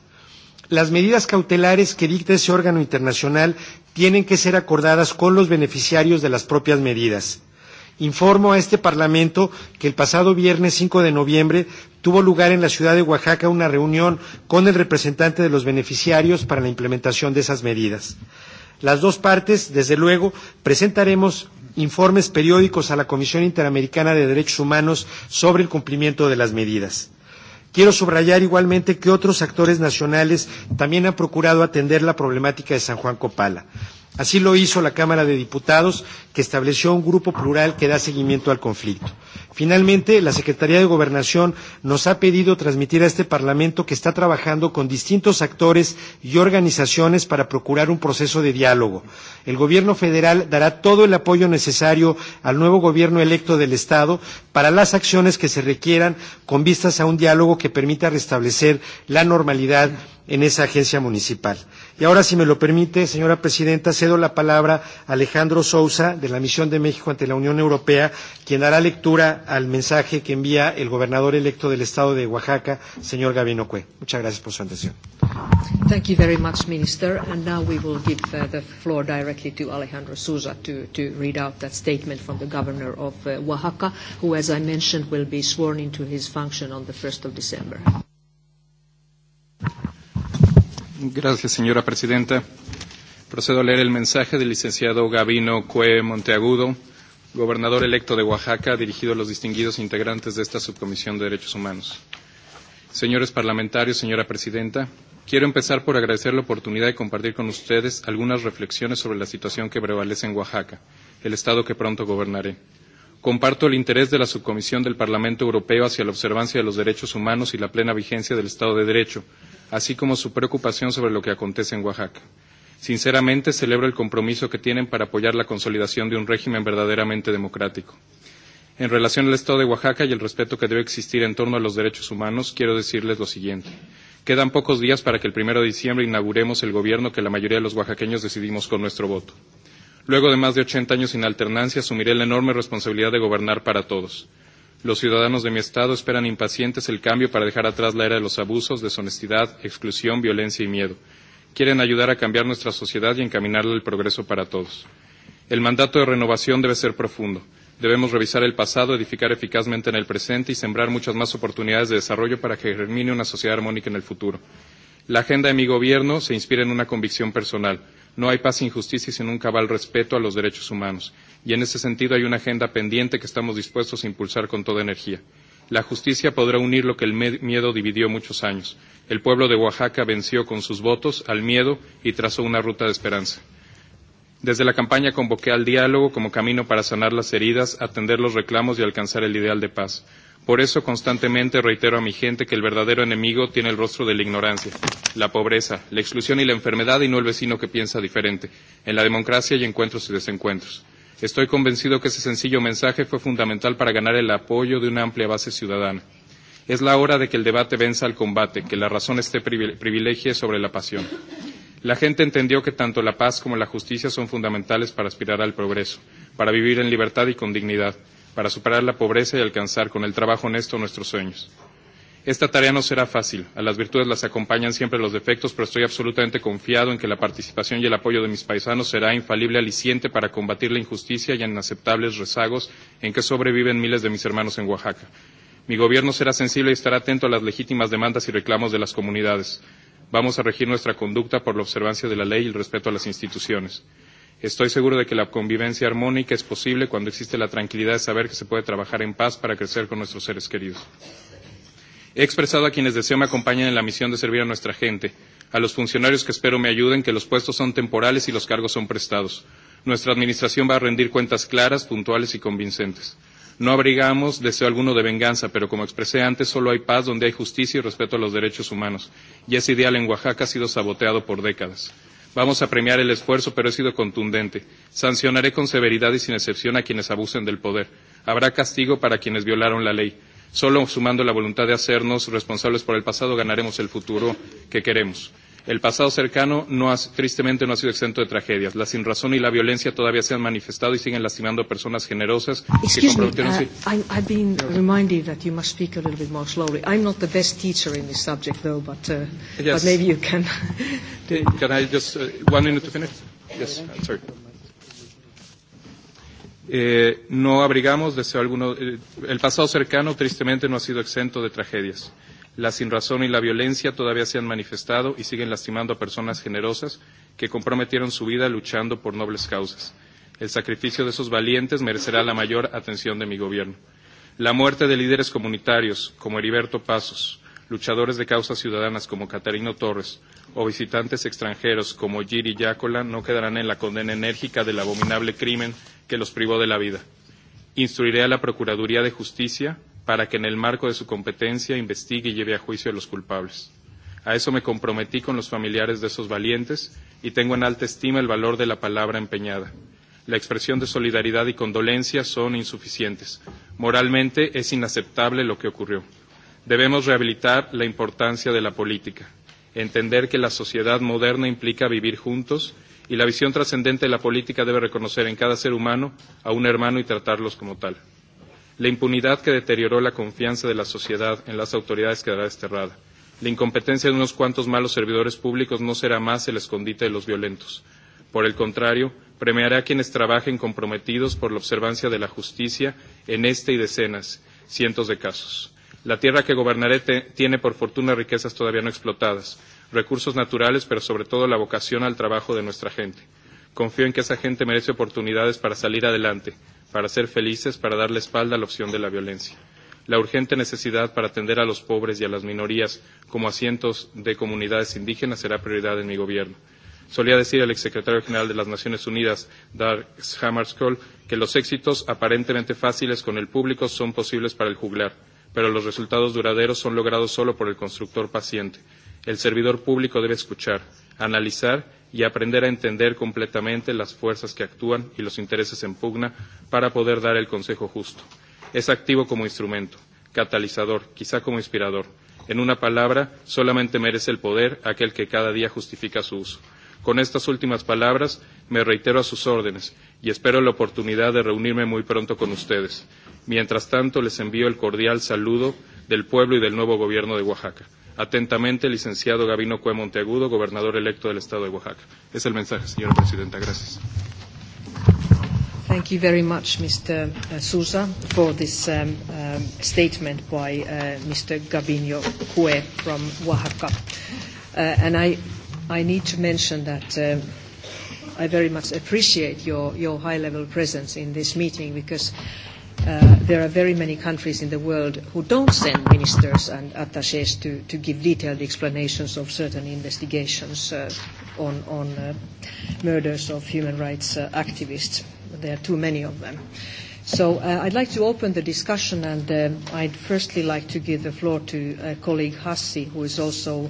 Las medidas cautelares que dicta ese órgano internacional tienen que ser acordadas con los beneficiarios de las propias medidas. Informo a este Parlamento que el pasado viernes 5 de noviembre tuvo lugar en la ciudad de Oaxaca una reunión con el representante de los beneficiarios para la implementación de esas medidas. Las dos partes, desde luego, presentaremos informes periódicos a la Comisión Interamericana de Derechos Humanos sobre el cumplimiento de las medidas. Quiero subrayar igualmente que otros actores nacionales también han procurado atender la problemática de San Juan Copala. Así lo hizo la Cámara de Diputados, que estableció un grupo plural que da seguimiento al conflicto. Finalmente, la Secretaría de Gobernación nos ha pedido transmitir a este Parlamento que está trabajando con distintos actores y organizaciones para procurar un proceso de diálogo. El Gobierno federal dará todo el apoyo necesario al nuevo Gobierno electo del Estado para las acciones que se requieran con vistas a un diálogo que permita restablecer la normalidad en esa agencia municipal. Y ahora, si me lo permite, señora presidenta, cedo la palabra a Alejandro Sousa, de la Misión de México ante la Unión Europea, quien dará lectura al mensaje que envía el gobernador electo del estado de Oaxaca, señor Gabino Cue. Muchas gracias por su atención. Thank you very much, Minister. And now we will give uh, the floor directly to Alejandro Souza to, to read out that statement from the governor of uh, Oaxaca, who, as I mentioned, will be sworn into his function on the 1st of December. Gracias, señora presidenta. Procedo a leer el mensaje del licenciado Gabino Cue Monteagudo, gobernador electo de Oaxaca, dirigido a los distinguidos integrantes de esta subcomisión de derechos humanos. Señores parlamentarios, señora presidenta, quiero empezar por agradecer la oportunidad de compartir con ustedes algunas reflexiones sobre la situación que prevalece en Oaxaca, el estado que pronto gobernaré. Comparto el interés de la subcomisión del Parlamento Europeo hacia la observancia de los derechos humanos y la plena vigencia del Estado de Derecho, así como su preocupación sobre lo que acontece en Oaxaca. Sinceramente, celebro el compromiso que tienen para apoyar la consolidación de un régimen verdaderamente democrático. En relación al Estado de Oaxaca y el respeto que debe existir en torno a los derechos humanos, quiero decirles lo siguiente. Quedan pocos días para que el 1 de diciembre inauguremos el gobierno que la mayoría de los oaxaqueños decidimos con nuestro voto. Luego de más de 80 años sin alternancia, asumiré la enorme responsabilidad de gobernar para todos. Los ciudadanos de mi Estado esperan impacientes el cambio para dejar atrás la era de los abusos, deshonestidad, exclusión, violencia y miedo. Quieren ayudar a cambiar nuestra sociedad y encaminarla al progreso para todos. El mandato de renovación debe ser profundo. Debemos revisar el pasado, edificar eficazmente en el presente y sembrar muchas más oportunidades de desarrollo para que germine una sociedad armónica en el futuro. La agenda de mi gobierno se inspira en una convicción personal No hay paz sin justicia y sin un cabal respeto a los derechos humanos. Y en ese sentido hay una agenda pendiente que estamos dispuestos a impulsar con toda energía. La justicia podrá unir lo que el miedo dividió muchos años. El pueblo de Oaxaca venció con sus votos al miedo y trazó una ruta de esperanza. Desde la campaña convoqué al diálogo como camino para sanar las heridas, atender los reclamos y alcanzar el ideal de paz. Por eso constantemente reitero a mi gente que el verdadero enemigo tiene el rostro de la ignorancia, la pobreza, la exclusión y la enfermedad y no el vecino que piensa diferente. En la democracia hay encuentros y desencuentros. Estoy convencido que ese sencillo mensaje fue fundamental para ganar el apoyo de una amplia base ciudadana. Es la hora de que el debate venza al combate, que la razón esté privilegie sobre la pasión. La gente entendió que tanto la paz como la justicia son fundamentales para aspirar al progreso, para vivir en libertad y con dignidad para superar la pobreza y alcanzar con el trabajo honesto nuestros sueños. Esta tarea no será fácil. A las virtudes las acompañan siempre los defectos, pero estoy absolutamente confiado en que la participación y el apoyo de mis paisanos será infalible aliciente para combatir la injusticia y inaceptables rezagos en que sobreviven miles de mis hermanos en Oaxaca. Mi gobierno será sensible y estará atento a las legítimas demandas y reclamos de las comunidades. Vamos a regir nuestra conducta por la observancia de la ley y el respeto a las instituciones. Estoy seguro de que la convivencia armónica es posible cuando existe la tranquilidad de saber que se puede trabajar en paz para crecer con nuestros seres queridos. He expresado a quienes deseo me acompañen en la misión de servir a nuestra gente, a los funcionarios que espero me ayuden, que los puestos son temporales y los cargos son prestados. Nuestra Administración va a rendir cuentas claras, puntuales y convincentes. No abrigamos deseo alguno de venganza, pero como expresé antes, solo hay paz donde hay justicia y respeto a los derechos humanos. Y ese ideal en Oaxaca ha sido saboteado por décadas. Vamos a premiar el esfuerzo, pero he sido contundente. Sancionaré con severidad y sin excepción a quienes abusen del poder. Habrá castigo para quienes violaron la ley. Solo sumando la voluntad de hacernos responsables por el pasado ganaremos el futuro que queremos. El pasado cercano, no ha, tristemente, no ha sido exento de tragedias. La sinrazón y la violencia todavía se han manifestado y siguen lastimando a personas generosas Excuse que comprometieron... Me, uh, I'm, I've been reminded that you must speak a little bit more slowly. I'm not the best teacher in this subject, though, but, uh, yes. but maybe you can... Eh, can I just... Uh, one minute to finish? Yes, I'm sorry. Eh, no abrigamos, deseo alguno, eh, el pasado cercano tristemente no ha sido exento de tragedias la sinrazón y la violencia todavía se han manifestado y siguen lastimando a personas generosas que comprometieron su vida luchando por nobles causas. El sacrificio de esos valientes merecerá la mayor atención de mi gobierno. La muerte de líderes comunitarios como Heriberto Pasos, luchadores de causas ciudadanas como Catarino Torres o visitantes extranjeros como Giri Yacola no quedarán en la condena enérgica del abominable crimen que los privó de la vida. Instruiré a la Procuraduría de Justicia para que en el marco de su competencia investigue y lleve a juicio a los culpables. A eso me comprometí con los familiares de esos valientes y tengo en alta estima el valor de la palabra empeñada. La expresión de solidaridad y condolencia son insuficientes. Moralmente es inaceptable lo que ocurrió. Debemos rehabilitar la importancia de la política, entender que la sociedad moderna implica vivir juntos y la visión trascendente de la política debe reconocer en cada ser humano a un hermano y tratarlos como tal la impunidad que deterioró la confianza de la sociedad en las autoridades quedará desterrada. La incompetencia de unos cuantos malos servidores públicos no será más el escondite de los violentos. Por el contrario, premiará a quienes trabajen comprometidos por la observancia de la justicia en este y decenas, cientos de casos. La tierra que gobernaré te, tiene por fortuna riquezas todavía no explotadas, recursos naturales, pero sobre todo la vocación al trabajo de nuestra gente. Confío en que esa gente merece oportunidades para salir adelante, para ser felices, para darle espalda a la opción de la violencia. La urgente necesidad para atender a los pobres y a las minorías como a cientos de comunidades indígenas será prioridad en mi gobierno. Solía decir el exsecretario general de las Naciones Unidas, Dag Hammarskjöld, que los éxitos aparentemente fáciles con el público son posibles para el juglar, pero los resultados duraderos son logrados solo por el constructor paciente. El servidor público debe escuchar, analizar y aprender a entender completamente las fuerzas que actúan y los intereses en pugna para poder dar el consejo justo. Es activo como instrumento, catalizador, quizá como inspirador. En una palabra, solamente merece el poder aquel que cada día justifica su uso. Con estas últimas palabras me reitero a sus órdenes y espero la oportunidad de reunirme muy pronto con ustedes. Mientras tanto, les envío el cordial saludo del pueblo y del nuevo gobierno de Oaxaca. Atentamente, licenciado Gabino Cue Monteagudo, gobernador electo del Estado de Oaxaca. Es el mensaje, señora presidenta. Gracias. Thank you very much, Mr. Uh, Sousa, for this um, um, statement by uh, Mr. Gabino Cue from Oaxaca. Uh, and I, I need to mention that uh, I very much appreciate your, your high-level presence in this meeting because uh, Uh, there are very many countries in the world who don't send ministers and attachés to, to give detailed explanations of certain investigations uh, on, on uh, murders of human rights uh, activists. There are too many of them. So uh, I'd like to open the discussion, and uh, I'd firstly like to give the floor to uh, colleague Hassi, who is also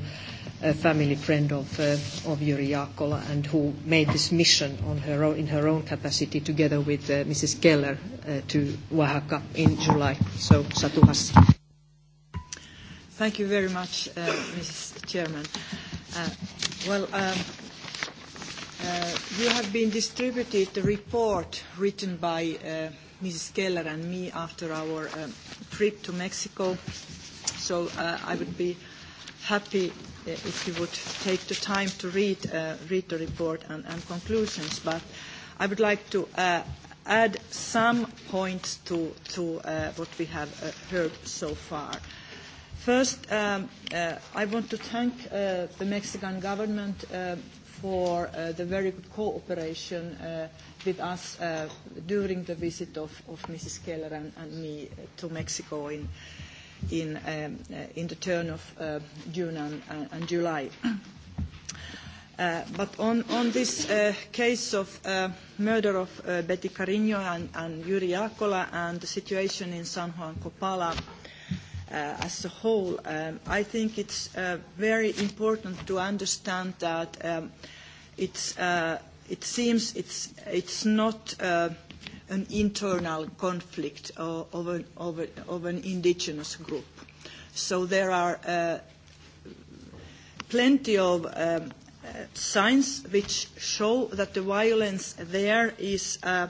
a family friend of, uh, of Yuri Jakola and who made this mission on her own, in her own capacity together with uh, Mrs. Keller uh, to Oaxaca in July. So, Satu Hassi. Thank you very much, uh, Mrs. Chairman. Uh, well, um, uh, you have been distributed the report written by uh, Mrs. Keller and me after our um, trip to Mexico. So uh, I would be happy Uh, if you would take the time to read, uh, read the report and, and conclusions. But I would like to uh, add some points to, to uh, what we have uh, heard so far. First, um, uh, I want to thank uh, the Mexican government uh, for uh, the very good cooperation uh, with us uh, during the visit of, of Mrs. Keller and, and me to Mexico in in, um, uh, in the turn of uh, June and, uh, and July. Uh, but on, on this uh, case of uh, murder of uh, Betty Carino and, and Yuri Akola and the situation in San Juan Copala uh, as a whole, um, I think it's uh, very important to understand that um, it's, uh, it seems it's, it's not uh, an internal conflict uh, of, an, of, a, of an indigenous group. So there are uh, plenty of um, uh, signs which show that the violence there is uh,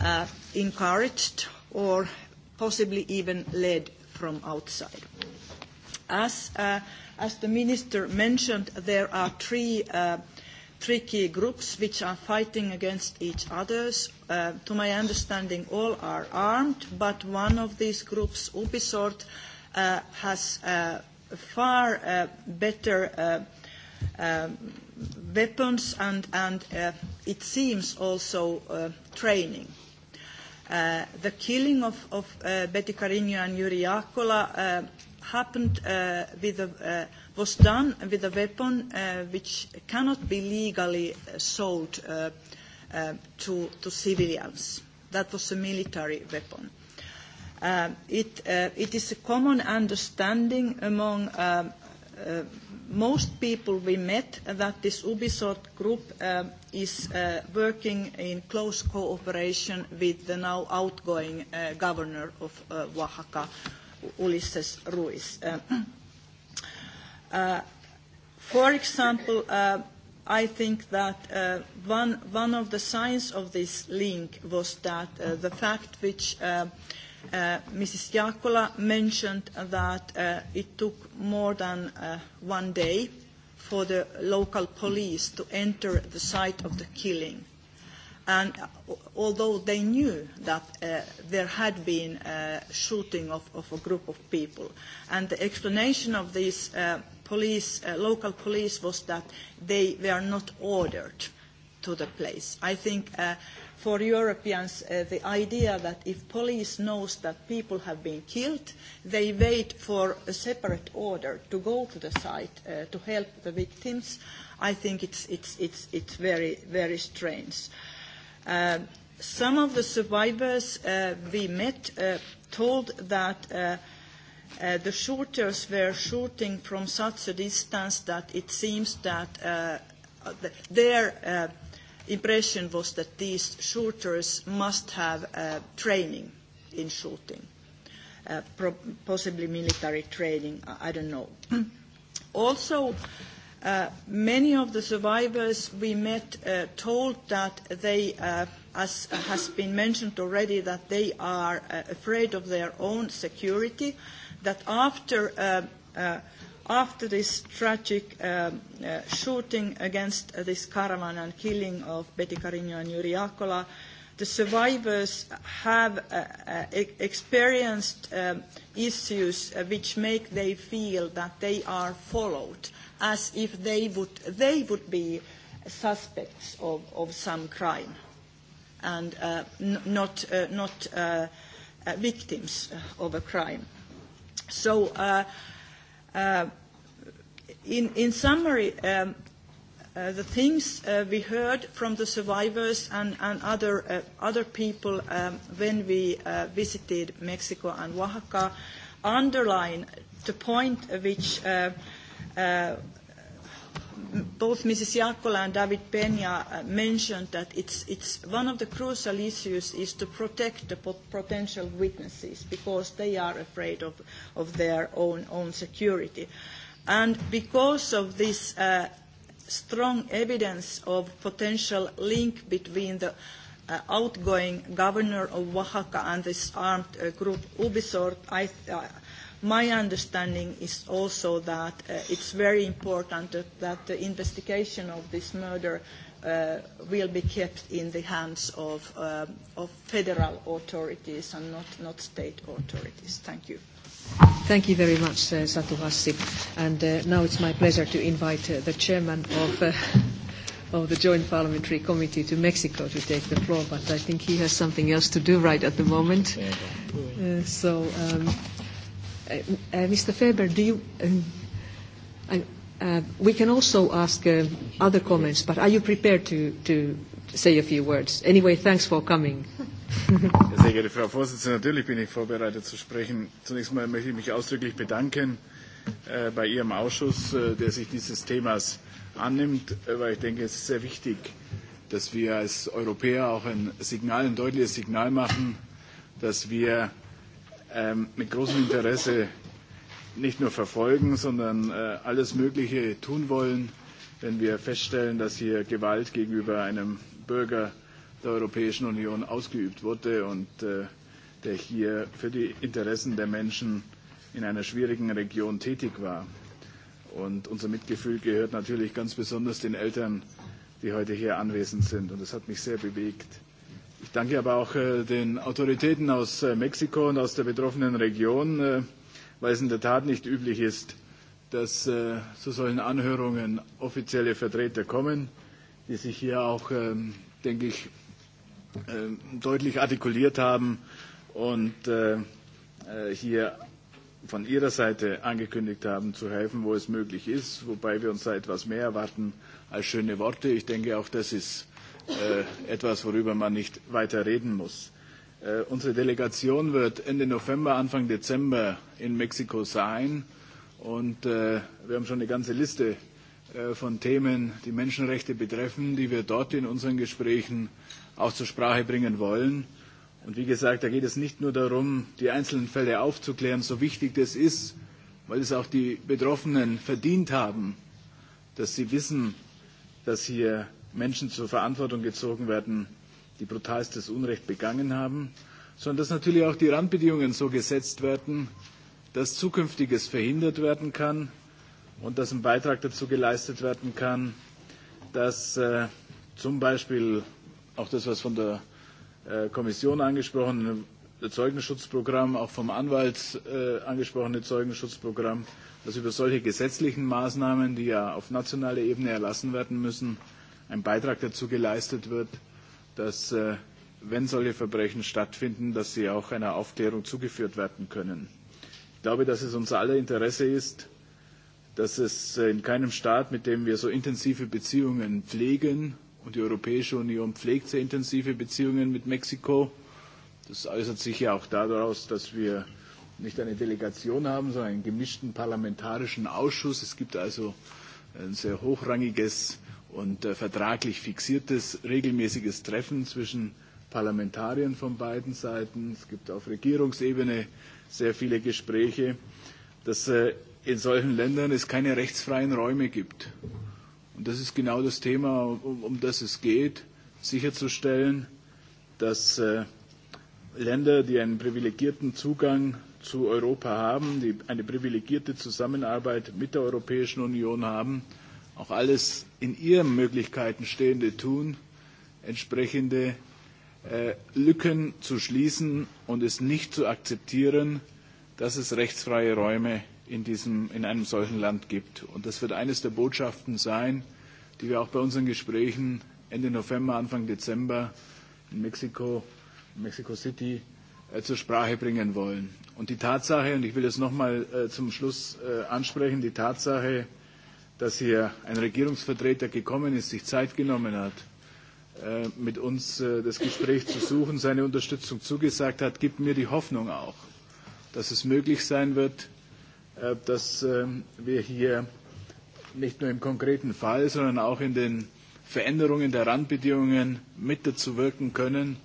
uh, encouraged or possibly even led from outside. As, uh, as the minister mentioned, there are three uh, three key groups which are fighting against each other. Uh, to my understanding, all are armed, but one of these groups, Ubisoft, uh, has uh, far uh, better uh, uh, weapons and, and uh, it seems also uh, training. Uh, the killing of, of uh, Betty Carino and Yuri Akola uh, happened uh, with a, uh, was done with a weapon uh, which cannot be legally uh, sold uh, uh, to, to civilians. That was a military weapon. Uh, it, uh, it is a common understanding among uh, uh, most people we met that this Ubisoft group uh, is uh, working in close cooperation with the now outgoing uh, governor of uh, Oaxaca, Ulises Ruiz. Uh, uh, for example, uh, I think that uh, one, one of the signs of this link was that uh, the fact which uh, uh, Mrs. Jakola mentioned that uh, it took more than uh, one day for the local police to enter the site of the killing And although they knew that uh, there had been a shooting of, of a group of people, and the explanation of these uh, police, uh, local police was that they were not ordered to the place. I think uh, for Europeans, uh, the idea that if police knows that people have been killed, they wait for a separate order to go to the site uh, to help the victims, I think it's, it's, it's, it's very, very strange. Uh, some of the survivors uh, we met uh, told that uh, uh, the shooters were shooting from such a distance that it seems that uh, their uh, impression was that these shooters must have uh, training in shooting, uh, possibly military training, I don't know. also, Uh, many of the survivors we met uh, told that they, uh, as has been mentioned already, that they are uh, afraid of their own security, that after, uh, uh, after this tragic uh, uh, shooting against uh, this caravan and killing of Betty Carino and Yuri Akola, the survivors have uh, uh, e-, experienced um, issues uh, which make they feel that they are followed as if they would, they would be suspects of, of some crime and uh, not, uh, not uh, uh, victims of a crime. So uh, uh, in, in summary, um, uh, the things uh, we heard from the survivors and, and other, uh, other people um, when we uh, visited Mexico and Oaxaca underline the point which uh, uh, both Mrs. Jakola and David Peña uh, mentioned that it's, it's one of the crucial issues is to protect the potential witnesses because they are afraid of, of their own, own security. And because of this uh, strong evidence of potential link between the uh, outgoing governor of Oaxaca and this armed uh, group Ubisoft, I uh, my understanding is also that uh, it's very important that, that the investigation of this murder uh, will be kept in the hands of, uh, of federal authorities and not, not state authorities. Thank you. Thank you very much, uh, Satu Hassi. And uh, now it's my pleasure to invite uh, the chairman of, uh, of the Joint Parliamentary Committee to Mexico to take the floor, but I think he has something else to do right at the moment. Uh, so, um, uh, uh, Mr. Faber, do you... Um, uh, we can also ask uh, other comments, but are you prepared to, to say a few words? Anyway, thanks for coming. Sehr geehrte Frau Vorsitzende, natürlich bin ich vorbereitet zu sprechen. Zunächst einmal möchte ich mich ausdrücklich bedanken äh, bei Ihrem Ausschuss, äh, der sich dieses Themas annimmt, äh, weil ich denke, es ist sehr wichtig, dass wir als Europäer auch ein Signal, ein deutliches Signal machen, dass wir ähm, mit großem Interesse nicht nur verfolgen, sondern äh, alles Mögliche tun wollen, wenn wir feststellen, dass hier Gewalt gegenüber einem Bürger der Europäischen Union ausgeübt wurde und äh, der hier für die Interessen der Menschen in einer schwierigen Region tätig war. Und unser Mitgefühl gehört natürlich ganz besonders den Eltern, die heute hier anwesend sind. Und das hat mich sehr bewegt. Ich danke aber auch äh, den Autoritäten aus äh, Mexiko und aus der betroffenen Region, äh, weil es in der Tat nicht üblich ist, dass äh, zu solchen Anhörungen offizielle Vertreter kommen, die sich hier auch, ähm, denke ich, Äh, deutlich artikuliert haben und äh, äh, hier von Ihrer Seite angekündigt haben, zu helfen, wo es möglich ist, wobei wir uns da etwas mehr erwarten als schöne Worte. Ich denke, auch das ist etwas, worüber man nicht weiter reden muss. unsere Delegation wird Ende November, Anfang Dezember in Mexiko sein und äh, wir haben schon eine ganze Liste äh, von Themen, die Menschenrechte betreffen, die wir dort in unseren Gesprächen auch zur Sprache bringen wollen. Und wie gesagt, da geht es nicht nur darum, die einzelnen Fälle aufzuklären, so wichtig das ist, weil es auch die Betroffenen verdient haben, dass sie wissen, dass hier Menschen zur Verantwortung gezogen werden, die brutalstes Unrecht begangen haben, sondern dass natürlich auch die Randbedingungen so gesetzt werden, dass Zukünftiges verhindert werden kann und dass ein Beitrag dazu geleistet werden kann, dass äh, zum Beispiel auch das, was von der äh, Kommission angesprochene äh, Zeugenschutzprogramm, auch vom Anwalt äh, angesprochene Zeugenschutzprogramm, dass über solche gesetzlichen Maßnahmen, die ja auf nationaler Ebene erlassen werden müssen, ein Beitrag dazu geleistet wird, dass, äh, wenn solche Verbrechen stattfinden, dass sie auch einer Aufklärung zugeführt werden können. Ich glaube, dass es unser aller Interesse ist, dass es äh, in keinem Staat, mit dem wir so intensive Beziehungen pflegen, Und die Europäische Union pflegt sehr intensive Beziehungen mit Mexiko. Das äußert sich ja auch daraus, dass wir nicht eine Delegation haben, sondern einen gemischten parlamentarischen Ausschuss. Es gibt also ein sehr hochrangiges und äh, vertraglich fixiertes regelmäßiges Treffen zwischen Parlamentariern von beiden Seiten. Es gibt auf Regierungsebene sehr viele Gespräche, dass äh, in solchen Ländern es keine rechtsfreien Räume gibt. Und das ist genau das Thema, um, um das es geht, sicherzustellen, dass äh, Länder, die einen privilegierten Zugang zu Europa haben, die eine privilegierte Zusammenarbeit mit der Europäischen Union haben, auch alles in ihren Möglichkeiten Stehende tun, entsprechende äh, Lücken zu schließen und es nicht zu akzeptieren, dass es rechtsfreie Räume in, diesem, in einem solchen Land gibt. Und das wird eines der Botschaften sein, die wir auch bei unseren Gesprächen Ende November, Anfang Dezember in Mexiko, in Mexico City äh, zur Sprache bringen wollen. Und die Tatsache, und ich will das nochmal äh, zum Schluss äh, ansprechen, die Tatsache, dass hier ein Regierungsvertreter gekommen ist, sich Zeit genommen hat, äh, mit uns äh, das Gespräch zu suchen, seine Unterstützung zugesagt hat, gibt mir die Hoffnung auch, dass es möglich sein wird, Äh, dass ähm, wir hier nicht nur im konkreten Fall, sondern auch in den Veränderungen der Randbedingungen mit dazu wirken können,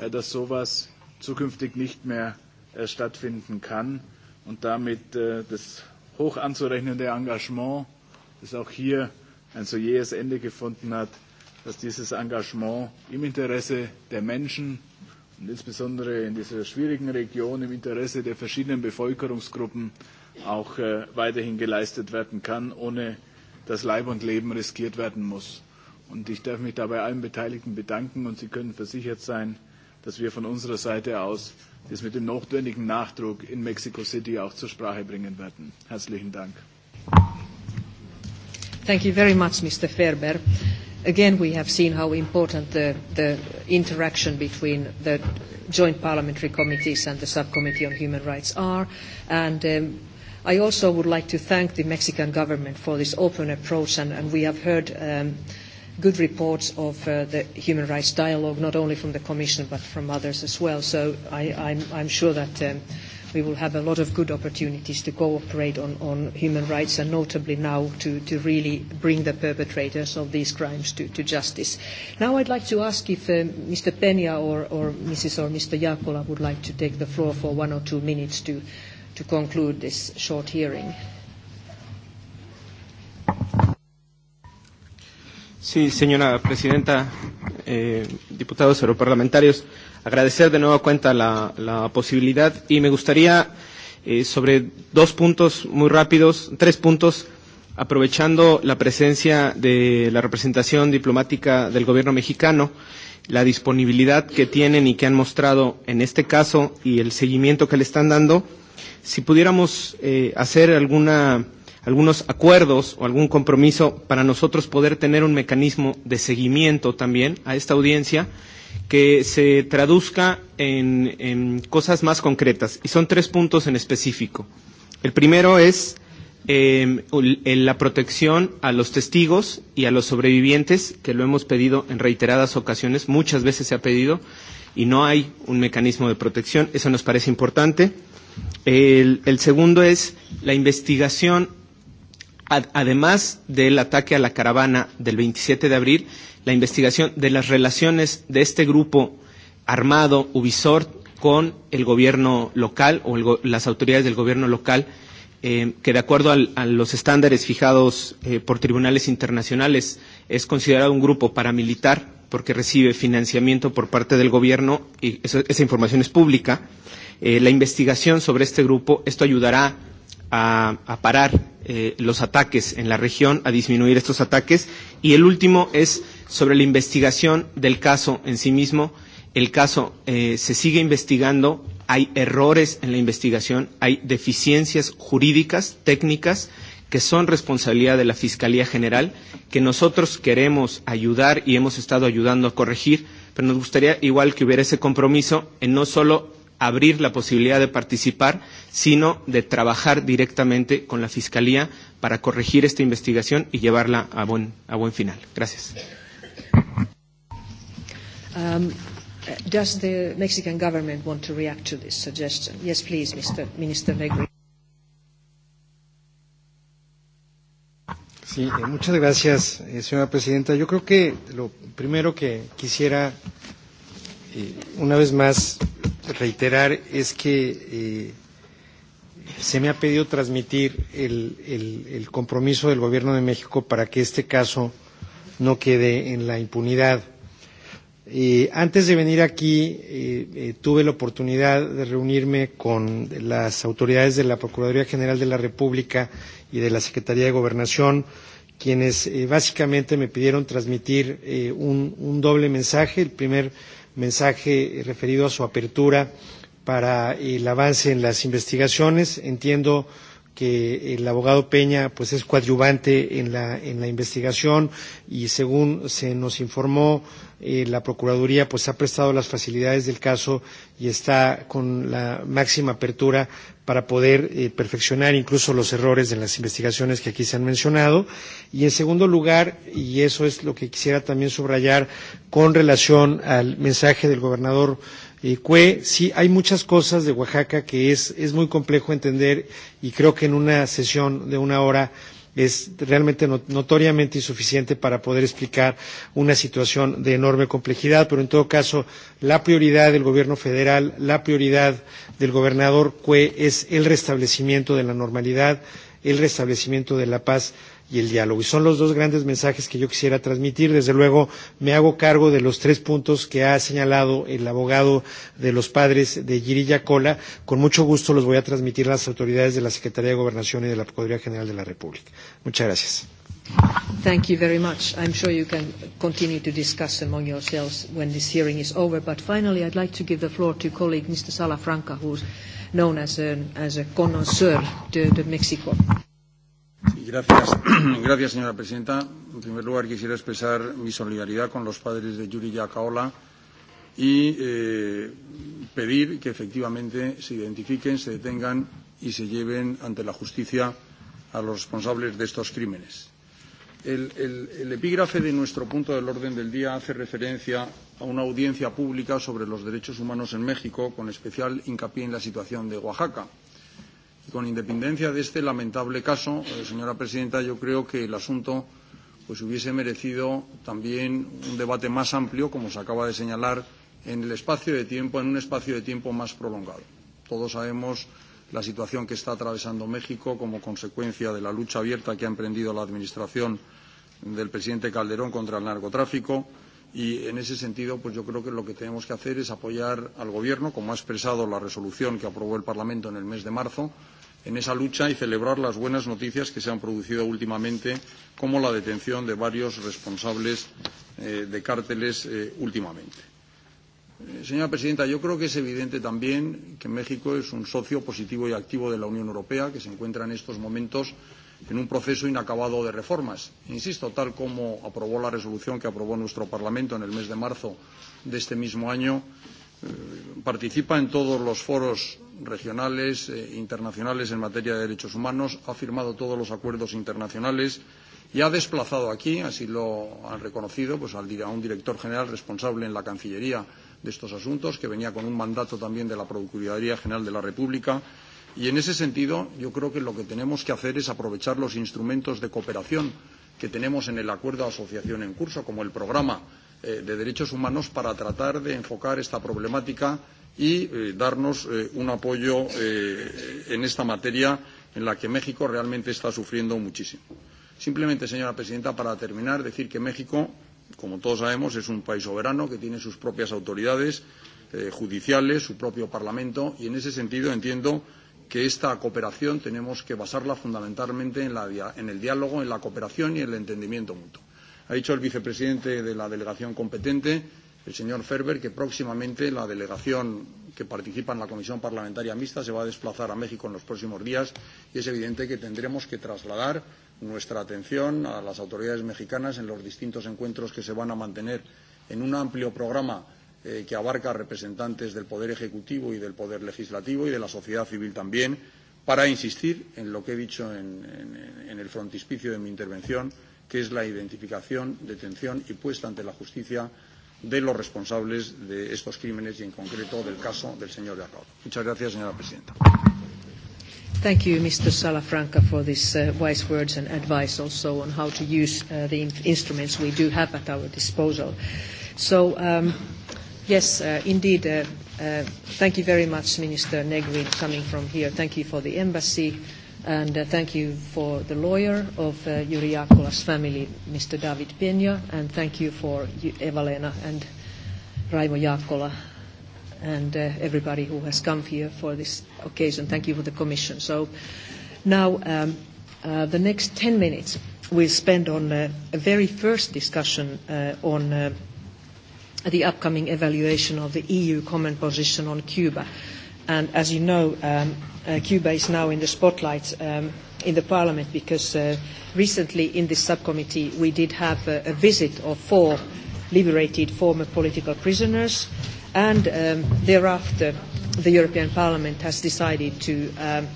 äh, dass sowas zukünftig nicht mehr äh, stattfinden kann und damit das hoch anzurechnende Engagement, das auch hier ein so jähes Ende gefunden hat, dass dieses Engagement im Interesse der Menschen und insbesondere in dieser schwierigen Region im Interesse der verschiedenen Bevölkerungsgruppen auch äh, weiterhin geleistet werden kann, ohne dass Leib und Leben riskiert werden muss. Und ich darf mich dabei allen Beteiligten bedanken und Sie können versichert sein, dass wir von unserer Seite aus das mit dem notwendigen Nachdruck in Mexico City auch zur Sprache bringen werden. Herzlichen Dank. Thank you very much, Mr. Ferber. Again, we have seen how important the, the interaction between the joint parliamentary committees and the subcommittee on human rights are. And um, I also would like to thank the Mexican government for this open approach, and, and we have heard um, good reports of uh, the human rights dialogue, not only from the Commission but from others as well. So I, I'm, I'm sure that um, we will have a lot of good opportunities to cooperate on, on human rights and notably now to, to really bring the perpetrators of these crimes to, to justice. Now I'd like to ask if Mr. Um, Pena or, or Mrs. or Mr. Jakola would like to take the floor for one or two minutes to to conclude this short hearing. Sí, señora presidenta, eh, diputados europarlamentarios, agradecer de nueva cuenta la, la posibilidad y me gustaría eh, sobre dos puntos muy rápidos, tres puntos, aprovechando la presencia de la representación diplomática del gobierno mexicano, la disponibilidad que tienen y que han mostrado en este caso y el seguimiento que le están dando si pudiéramos eh, hacer alguna, algunos acuerdos o algún compromiso para nosotros poder tener un mecanismo de seguimiento también a esta audiencia que se traduzca en, en cosas más concretas. Y son tres puntos en específico. El primero es eh, en la protección a los testigos y a los sobrevivientes, que lo hemos pedido en reiteradas ocasiones, muchas veces se ha pedido, y no hay un mecanismo de protección. Eso nos parece importante. El, el segundo es la investigación, ad, además del ataque a la caravana del 27 de abril, la investigación de las relaciones de este grupo armado Ubisoft con el gobierno local o el, las autoridades del gobierno local, eh, que de acuerdo al, a los estándares fijados eh, por tribunales internacionales es considerado un grupo paramilitar porque recibe financiamiento por parte del gobierno y eso, esa información es pública eh, la investigación sobre este grupo. Esto ayudará a, a parar eh, los ataques en la región, a disminuir estos ataques. Y el último es sobre la investigación del caso en sí mismo. El caso eh, se sigue investigando, hay errores en la investigación, hay deficiencias jurídicas, técnicas, que son responsabilidad de la Fiscalía General, que nosotros queremos ayudar y hemos estado ayudando a corregir, pero nos gustaría igual que hubiera ese compromiso en no solo abrir la posibilidad de participar, sino de trabajar directamente con la Fiscalía para corregir esta investigación y llevarla a buen, a buen final. Gracias. Um, uh, does the Mexican government want to react to this suggestion? Yes, please, Mr. Minister Negri. Sí, eh, muchas gracias, eh, señora presidenta. Yo creo que lo primero que quisiera eh, una vez más reiterar es que eh, se me ha pedido transmitir el, el, el compromiso del Gobierno de México para que este caso no quede en la impunidad. Eh, antes de venir aquí, eh, eh, tuve la oportunidad de reunirme con las autoridades de la Procuraduría General de la República y de la Secretaría de Gobernación, quienes eh, básicamente me pidieron transmitir eh, un, un doble mensaje. El primer mensaje referido a su apertura para el avance en las investigaciones. Entiendo que el abogado Peña pues es coadyuvante en la, en la investigación y según se nos informó eh, la Procuraduría pues ha prestado las facilidades del caso y está con la máxima apertura para poder eh, perfeccionar incluso los errores en las investigaciones que aquí se han mencionado. Y en segundo lugar, y eso es lo que quisiera también subrayar con relación al mensaje del gobernador eh, Cue, sí hay muchas cosas de Oaxaca que es, es muy complejo entender y creo que en una sesión de una hora es realmente notoriamente insuficiente para poder explicar una situación de enorme complejidad, pero en todo caso la prioridad del gobierno federal, la prioridad del gobernador Cue es el restablecimiento de la normalidad, el restablecimiento de la paz y el diálogo. Y son los dos grandes mensajes que yo quisiera transmitir. Desde luego, me hago cargo de los tres puntos que ha señalado el abogado de los padres de Girilla Cola. Con mucho gusto los voy a transmitir a las autoridades de la Secretaría de Gobernación y de la Procuraduría General de la República. Muchas gracias. Thank you very much. I'm sure you can continue to discuss among yourselves when this hearing is over. But finally, I'd like to give the floor to colleague Mr. Salafranca, who's known as, a, as a connoisseur de, de Mexico. Gracias. Gracias, señora presidenta. En primer lugar, quisiera expresar mi solidaridad con los padres de Yuri Yacaola y eh, pedir que efectivamente se identifiquen, se detengan y se lleven ante la justicia a los responsables de estos crímenes. El, el, el epígrafe de nuestro punto del orden del día hace referencia a una audiencia pública sobre los derechos humanos en México, con especial hincapié en la situación de Oaxaca. Y con independencia de este lamentable caso, eh, señora presidenta, yo creo que el asunto pues hubiese merecido también un debate más amplio, como se acaba de señalar, en el espacio de tiempo, en un espacio de tiempo más prolongado. Todos sabemos la situación que está atravesando México como consecuencia de la lucha abierta que ha emprendido la Administración del presidente Calderón contra el narcotráfico y en ese sentido pues yo creo que lo que tenemos que hacer es apoyar al gobierno como ha expresado la resolución que aprobó el Parlamento en el mes de marzo en esa lucha y celebrar las buenas noticias que se han producido últimamente, como la detención de varios responsables eh, de cárteles eh, últimamente. Eh, señora presidenta, yo creo que es evidente también que México es un socio positivo y activo de la Unión Europea, que se encuentra en estos momentos en un proceso inacabado de reformas. Insisto, tal como aprobó la resolución que aprobó nuestro Parlamento en el mes de marzo de este mismo año, eh, participa en todos los foros regionales e internacionales en materia de derechos humanos, ha firmado todos los acuerdos internacionales y ha desplazado aquí, así lo han reconocido, pues al, a un director general responsable en la Cancillería de estos asuntos, que venía con un mandato también de la Procuraduría General de la República. Y en ese sentido, yo creo que lo que tenemos que hacer es aprovechar los instrumentos de cooperación que tenemos en el acuerdo de asociación en curso, como el programa eh, de derechos humanos, para tratar de enfocar esta problemática y eh, darnos eh, un apoyo eh, en esta materia en la que México realmente está sufriendo muchísimo. Simplemente, señora presidenta, para terminar, decir que México, como todos sabemos, es un país soberano que tiene sus propias autoridades eh, judiciales, su propio Parlamento, y en ese sentido entiendo que esta cooperación tenemos que basarla fundamentalmente en, la, en el diálogo, en la cooperación y en el entendimiento mutuo. Ha dicho el vicepresidente de la delegación competente el señor Ferber que próximamente la delegación que participa en la Comisión Parlamentaria Mixta se va a desplazar a México en los próximos días y es evidente que tendremos que trasladar nuestra atención a las autoridades mexicanas en los distintos encuentros que se van a mantener en un amplio programa eh, que abarca representantes del Poder Ejecutivo y del Poder Legislativo y de la sociedad civil también, para insistir en lo que he dicho en, en, en el frontispicio de mi intervención, que es la identificación, detención y puesta ante la justicia de los responsables de estos crímenes y en concreto del caso del señor Jacob. Muchas gracias, señora presidenta. Thank you, Mr. Salafranca, for these uh, wise words and advice also on how to use uh, the in instruments we do have at our disposal. So, um, yes, uh, indeed, uh, uh, thank you very much, Minister Negri, coming from here. Thank you for the embassy And uh, thank you for the lawyer of uh, Yuri Akkola's family, Mr. David Pena, and thank you for Evalena and Raimo Yakula and uh, everybody who has come here for this occasion. Thank you for the commission. So now um, uh, the next 10 minutes we'll spend on uh, a very first discussion uh, on uh, the upcoming evaluation of the EU common position on Cuba. And as you know, um, Uh, Cuba is now in the spotlight um, in the Parliament because uh, recently in this subcommittee we did have a, a visit of four liberated former political prisoners and um, thereafter the European Parliament has decided to um,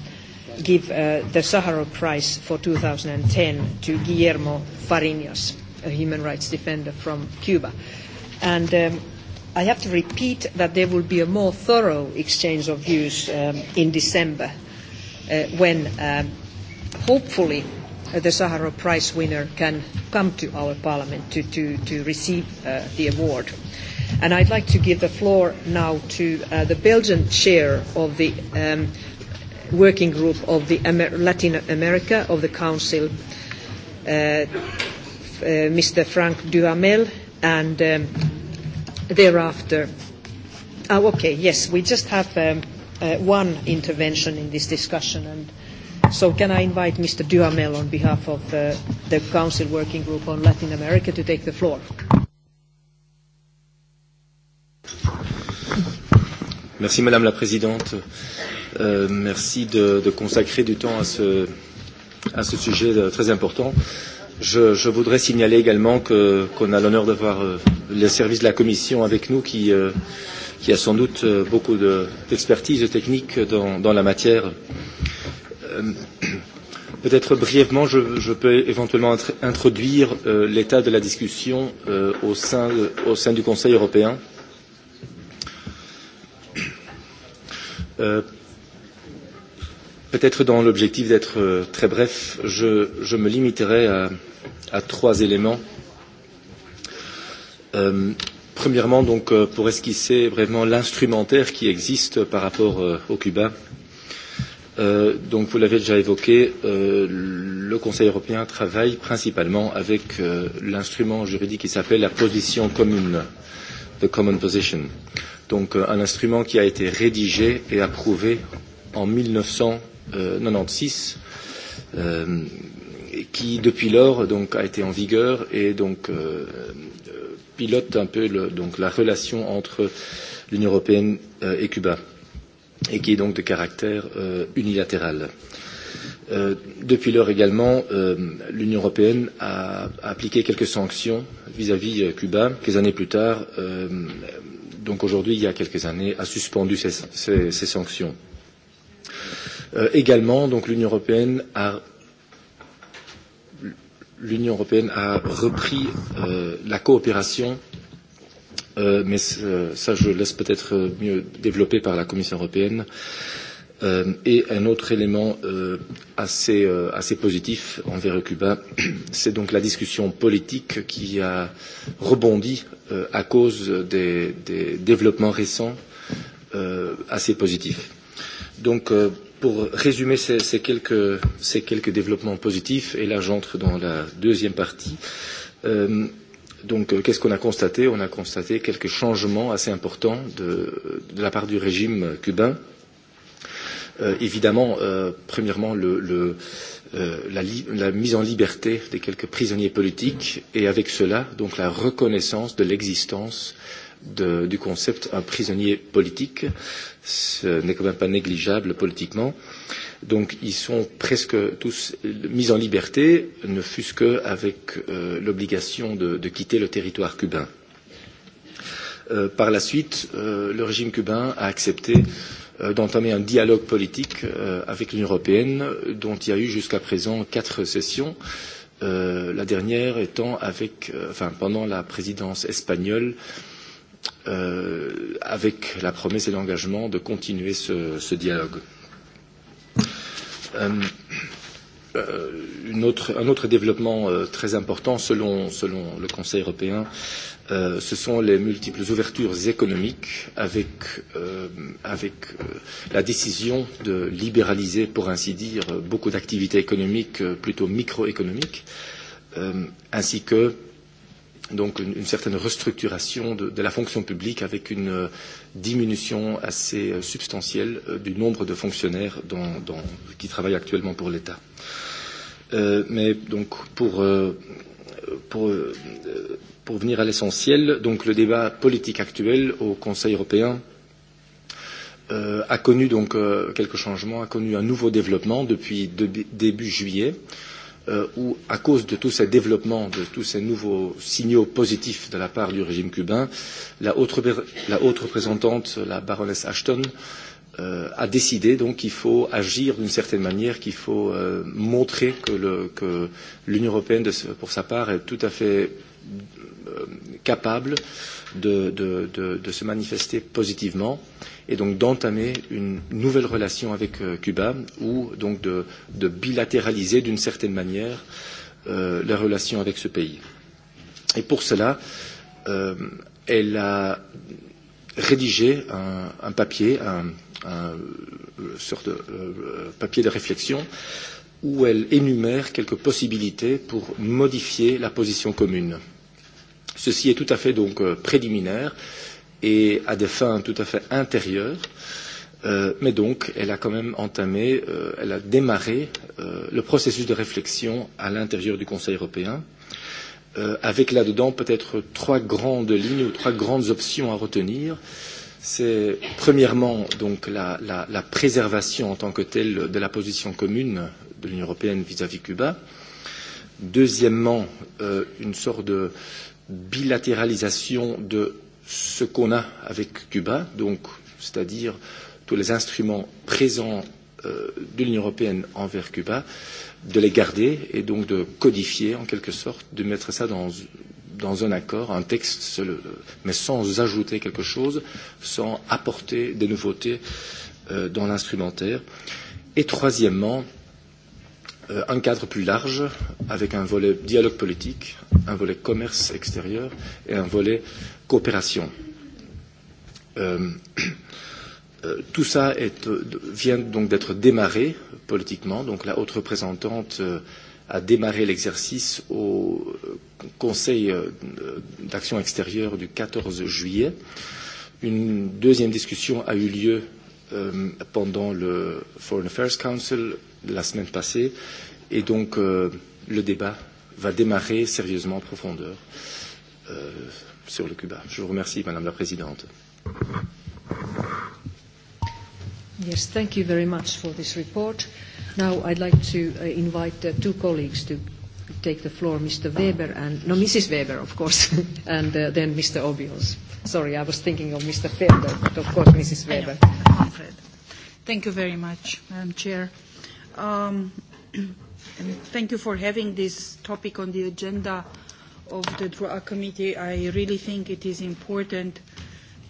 give uh, the Sakharov Prize for 2010 to Guillermo Fariñas, a human rights defender from Cuba. And um, I have to repeat that there will be a more thorough exchange of views um, in December uh, when um, hopefully uh, the Sahara Prize winner can come to our parliament to, to, to receive uh, the award. And I'd like to give the floor now to uh, the Belgian chair of the um, working group of the Amer- Latin America of the Council, uh, uh, Mr. Frank Duhamel, and um, thereafter. Oh, okay, yes, we just have um, uh, one intervention in this discussion. And so can I invite Mr. Duhamel on behalf of the, uh, the Council Working Group on Latin America to take the floor? Merci Madame la Présidente. Euh, merci de, de consacrer du temps à ce, à ce sujet euh, très important. Euh, Je, je voudrais signaler également qu'on qu a l'honneur d'avoir euh, le service de la Commission avec nous qui, euh, qui a sans doute euh, beaucoup d'expertise de, technique dans, dans la matière. Euh, Peut-être brièvement, je, je peux éventuellement introduire euh, l'état de la discussion euh, au, sein, de, au sein du Conseil européen. Euh, Peut-être dans l'objectif d'être euh, très bref, je, je me limiterai à, à trois éléments. Euh, premièrement, donc, euh, pour esquisser brièvement l'instrumentaire qui existe par rapport euh, au Cuba. Euh, donc, vous l'avez déjà évoqué, euh, le Conseil européen travaille principalement avec euh, l'instrument juridique qui s'appelle la position commune, the common position. Donc, euh, un instrument qui a été rédigé et approuvé en 1900 euh, 96 euh, qui depuis lors donc a été en vigueur et donc euh, euh, pilote un peu le, donc la relation entre l'Union européenne euh, et Cuba et qui est donc de caractère euh, unilatéral. Euh, depuis lors également, euh, l'Union européenne a, a appliqué quelques sanctions vis-à-vis -vis euh, Cuba. Quelques années plus tard, euh, donc aujourd'hui il y a quelques années, a suspendu ces, ces, ces sanctions. Euh, également, donc l'Union européenne a l'Union européenne a repris euh, la coopération, euh, mais euh, ça je laisse peut-être euh, mieux développer par la Commission européenne. Euh, et un autre élément euh, assez, euh, assez positif envers Cuba, c'est donc la discussion politique qui a rebondi euh, à cause des, des développements récents euh, assez positifs. Donc euh, pour résumer ces, ces, quelques, ces quelques développements positifs, et là j'entre dans la deuxième partie. Euh, donc, euh, qu'est-ce qu'on a constaté On a constaté quelques changements assez importants de, de la part du régime cubain. Euh, évidemment, euh, premièrement, le, le, euh, la, la mise en liberté des quelques prisonniers politiques et avec cela, donc la reconnaissance de l'existence de, du concept un prisonnier politique. Ce n'est quand même pas négligeable politiquement. Donc ils sont presque tous mis en liberté, ne fût-ce qu'avec euh, l'obligation de, de quitter le territoire cubain. Euh, par la suite, euh, le régime cubain a accepté euh, d'entamer un dialogue politique euh, avec l'Union européenne, dont il y a eu jusqu'à présent quatre sessions. Euh, la dernière étant avec, euh, enfin, pendant la présidence espagnole euh, euh, avec la promesse et l'engagement de continuer ce, ce dialogue. Euh, euh, une autre, un autre développement euh, très important selon, selon le Conseil européen, euh, ce sont les multiples ouvertures économiques avec, euh, avec euh, la décision de libéraliser, pour ainsi dire, beaucoup d'activités économiques euh, plutôt microéconomiques, euh, ainsi que euh, donc une, une certaine restructuration de, de la fonction publique avec une euh, diminution assez euh, substantielle euh, du nombre de fonctionnaires dans, dans, qui travaillent actuellement pour l'État. Euh, mais donc pour, euh, pour, euh, pour venir à l'essentiel, donc le débat politique actuel au Conseil européen euh, a connu donc euh, quelques changements, a connu un nouveau développement depuis de, début juillet. Euh, euh, où, à cause de tous ces développements, de tous ces nouveaux signaux positifs de la part du régime cubain, la haute, la haute représentante, la baronesse Ashton, euh, a décidé donc qu'il faut agir d'une certaine manière, qu'il faut euh, montrer que l'Union que européenne, de, pour sa part, est tout à fait capable de, de, de, de se manifester positivement et donc d'entamer une nouvelle relation avec euh, Cuba ou donc de, de bilatéraliser d'une certaine manière euh, la relation avec ce pays. Et pour cela, euh, elle a rédigé un, un papier, un, un euh, sorte de euh, papier de réflexion où elle énumère quelques possibilités pour modifier la position commune. Ceci est tout à fait donc euh, préliminaire et à des fins tout à fait intérieures, euh, mais donc elle a quand même entamé, euh, elle a démarré euh, le processus de réflexion à l'intérieur du Conseil européen, euh, avec là-dedans peut-être trois grandes lignes ou trois grandes options à retenir. C'est premièrement donc la, la, la préservation en tant que telle de la position commune de l'Union européenne vis-à-vis -vis Cuba. Deuxièmement, euh, une sorte de bilatéralisation de ce qu'on a avec Cuba, donc c'est-à-dire tous les instruments présents euh, de l'Union européenne envers Cuba, de les garder et donc de codifier en quelque sorte, de mettre ça dans, dans un accord, un texte, mais sans ajouter quelque chose, sans apporter des nouveautés euh, dans l'instrumentaire. Et troisièmement, euh, Euh, un cadre plus large avec un volet dialogue politique, un volet commerce extérieur et un volet coopération. Euh, euh tout ça est, euh, vient donc d'être démarré politiquement. Donc la haute représentante a démarré l'exercice au Conseil d'action extérieure du 14 juillet. Une deuxième discussion a eu lieu pendant le Foreign Affairs Council la semaine passée. Et donc, euh, le débat va démarrer sérieusement en profondeur euh, sur le Cuba. Je vous remercie, Madame la Présidente. Yes, thank you very much for this report. Now I'd like to uh, invite uh, two colleagues to take the floor, Mr. Weber and, no, Mrs. Weber, of course, and uh, then Mr. Obios. Sorry, I was thinking of Mr. Felder, but of course, Mrs. Weber. Thank you very much, Madam Chair. Um, thank you for having this topic on the agenda of the DROA committee. I really think it is important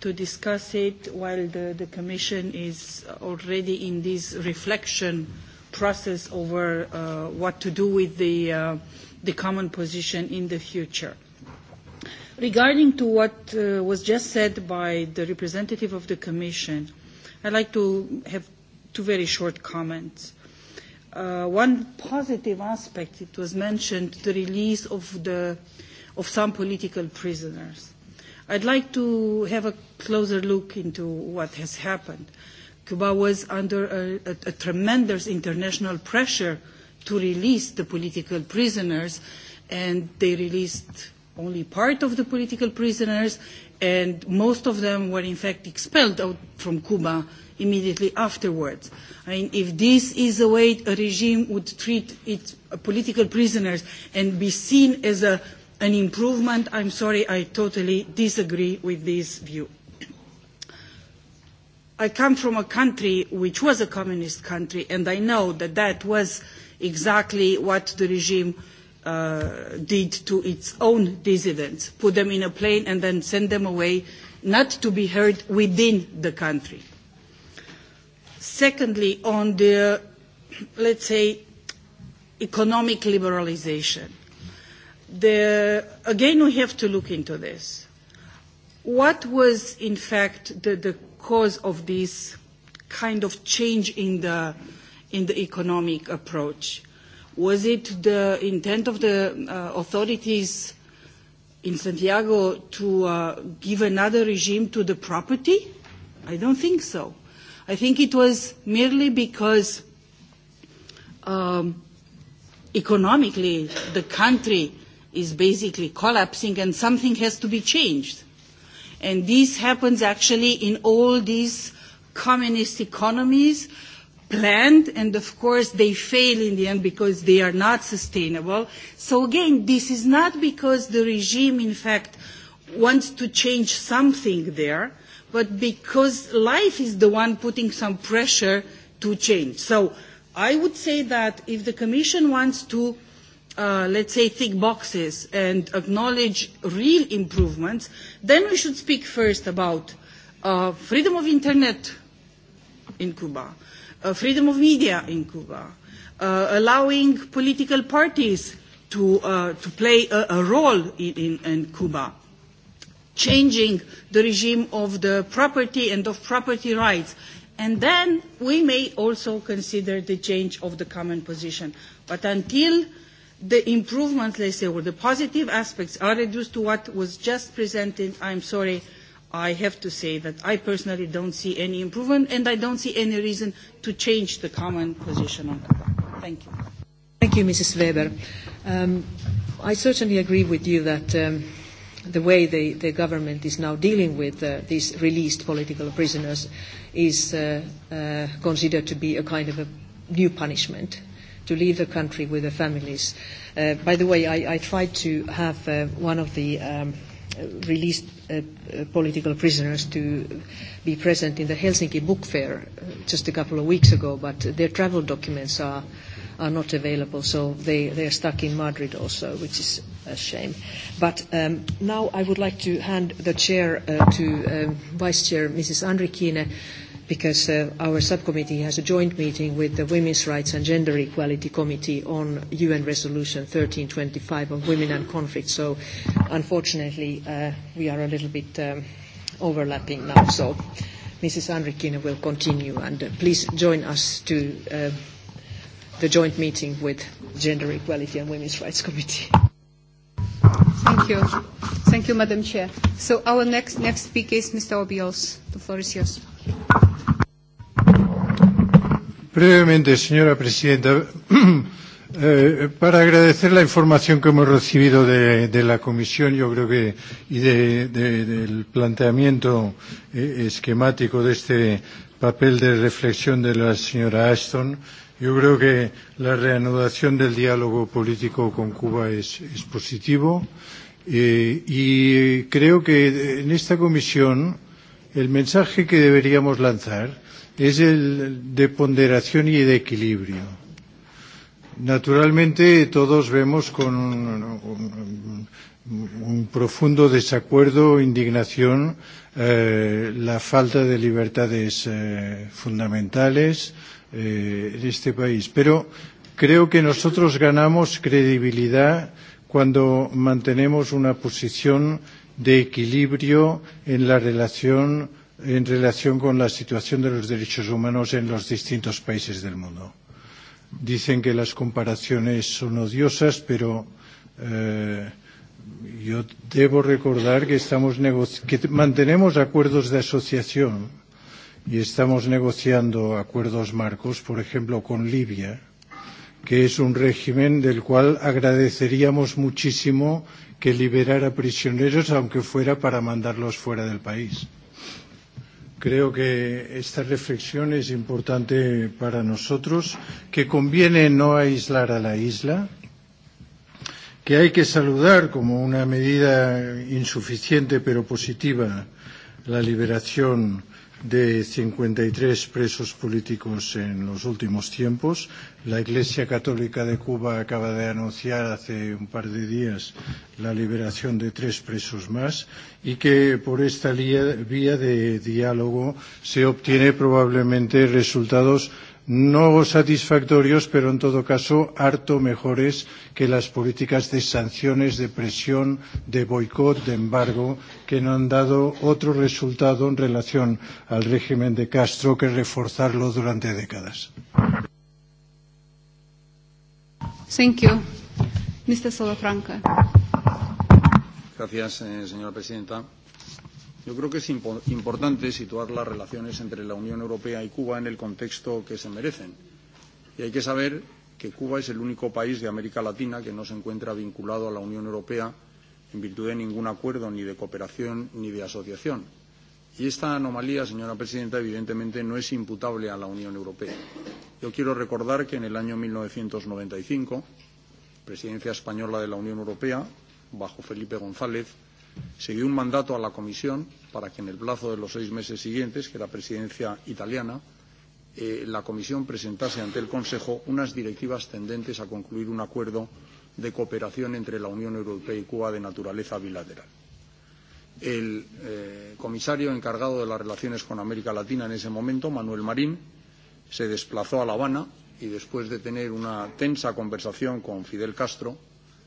to discuss it while the, the Commission is already in this reflection process over uh, what to do with the, uh, the common position in the future. Regarding to what uh, was just said by the representative of the Commission, I'd like to have two very short comments. Uh, one positive aspect, it was mentioned, the release of, the, of some political prisoners. I'd like to have a closer look into what has happened. Cuba was under a, a, a tremendous international pressure to release the political prisoners, and they released only part of the political prisoners, and most of them were in fact expelled out from Cuba immediately afterwards. I mean, if this is the way a regime would treat its political prisoners and be seen as a, an improvement, I'm sorry, I totally disagree with this view. I come from a country which was a communist country, and I know that that was exactly what the regime uh, did to its own dissidents, put them in a plane and then send them away, not to be heard within the country. Secondly, on the, let's say, economic liberalization, the, again, we have to look into this. What was, in fact, the, the cause of this kind of change in the, in the economic approach? Was it the intent of the uh, authorities in Santiago to uh, give another regime to the property? I don't think so. I think it was merely because um, economically the country is basically collapsing and something has to be changed. And this happens actually in all these communist economies planned and of course they fail in the end because they are not sustainable. So again, this is not because the regime in fact wants to change something there but because life is the one putting some pressure to change. So I would say that if the Commission wants to, uh, let's say, tick boxes and acknowledge real improvements, then we should speak first about uh, freedom of internet in Cuba, uh, freedom of media in Cuba, uh, allowing political parties to, uh, to play a, a role in, in, in Cuba changing the regime of the property and of property rights. And then we may also consider the change of the common position. But until the improvements, let's say, or the positive aspects are reduced to what was just presented, I'm sorry, I have to say that I personally don't see any improvement and I don't see any reason to change the common position on Cuba. Thank you. Thank you, Mrs. Weber. Um, I certainly agree with you that um, the way the, the government is now dealing with uh, these released political prisoners is uh, uh, considered to be a kind of a new punishment to leave the country with the families. Uh, by the way, I, I tried to have uh, one of the um, released uh, uh political prisoners to be present in the Helsinki Book Fair uh, just a couple of weeks ago, but their travel documents are are not available, so they, they are stuck in Madrid also, which is a shame. But um, now I would like to hand the chair uh, to um, Vice Chair Mrs. Andrikine, because uh, our subcommittee has a joint meeting with the Women's Rights and Gender Equality Committee on UN Resolution 1325 on women and conflict. So unfortunately, uh, we are a little bit um, overlapping now. So Mrs. Andrikine will continue, and uh, please join us to uh, the joint meeting with Gender Equality and Women's Rights Committee. Thank you. Thank you, Madam Chair. So our next, next speaker is Mr. Obios. The floor is yours. Brevemente, señora presidenta, eh, para agradecer la información que hemos recibido de, de la Comisión, yo creo que, y de, de, del planteamiento eh, esquemático de este papel de reflexión de la señora Ashton, eh, Yo creo que la reanudación del diálogo político con Cuba es, es positivo eh, y creo que en esta comisión el mensaje que deberíamos lanzar es el de ponderación y de equilibrio. Naturalmente todos vemos con un, un, un profundo desacuerdo, indignación, eh, la falta de libertades eh, fundamentales, eh, en este país. Pero creo que nosotros ganamos credibilidad cuando mantenemos una posición de equilibrio en la relación en relación con la situación de los derechos humanos en los distintos países del mundo. Dicen que las comparaciones son odiosas, pero eh, yo debo recordar que, estamos que mantenemos acuerdos de asociación y estamos negociando acuerdos marcos, por ejemplo, con Libia, que es un régimen del cual agradeceríamos muchísimo que liberara prisioneros, aunque fuera para mandarlos fuera del país. Creo que esta reflexión es importante para nosotros, que conviene no aislar a la isla, que hay que saludar como una medida insuficiente pero positiva la liberación de 53 presos políticos en los últimos tiempos. La Iglesia Católica de Cuba acaba de anunciar hace un par de días la liberación de tres presos más y que por esta vía de diálogo se obtiene probablemente resultados no satisfactorios, pero en todo caso harto mejores que las políticas de sanciones, de presión, de boicot, de embargo, que no han dado otro resultado en relación al régimen de Castro que reforzarlo durante décadas. Thank you. Mr. Gracias, eh, señora presidenta. Yo creo que es impo importante situar las relaciones entre la Unión Europea y Cuba en el contexto que se merecen. Y hay que saber que Cuba es el único país de América Latina que no se encuentra vinculado a la Unión Europea en virtud de ningún acuerdo ni de cooperación ni de asociación. Y esta anomalía, señora presidenta, evidentemente no es imputable a la Unión Europea. Yo quiero recordar que en el año 1995, presidencia española de la Unión Europea, bajo Felipe González, se dio un mandato a la Comisión para que en el plazo de los seis meses siguientes, que era presidencia italiana, eh, la Comisión presentase ante el Consejo unas directivas tendentes a concluir un acuerdo de cooperación entre la Unión Europea y Cuba de naturaleza bilateral. El eh, comisario encargado de las relaciones con América Latina en ese momento, Manuel Marín, se desplazó a La Habana y después de tener una tensa conversación con Fidel Castro,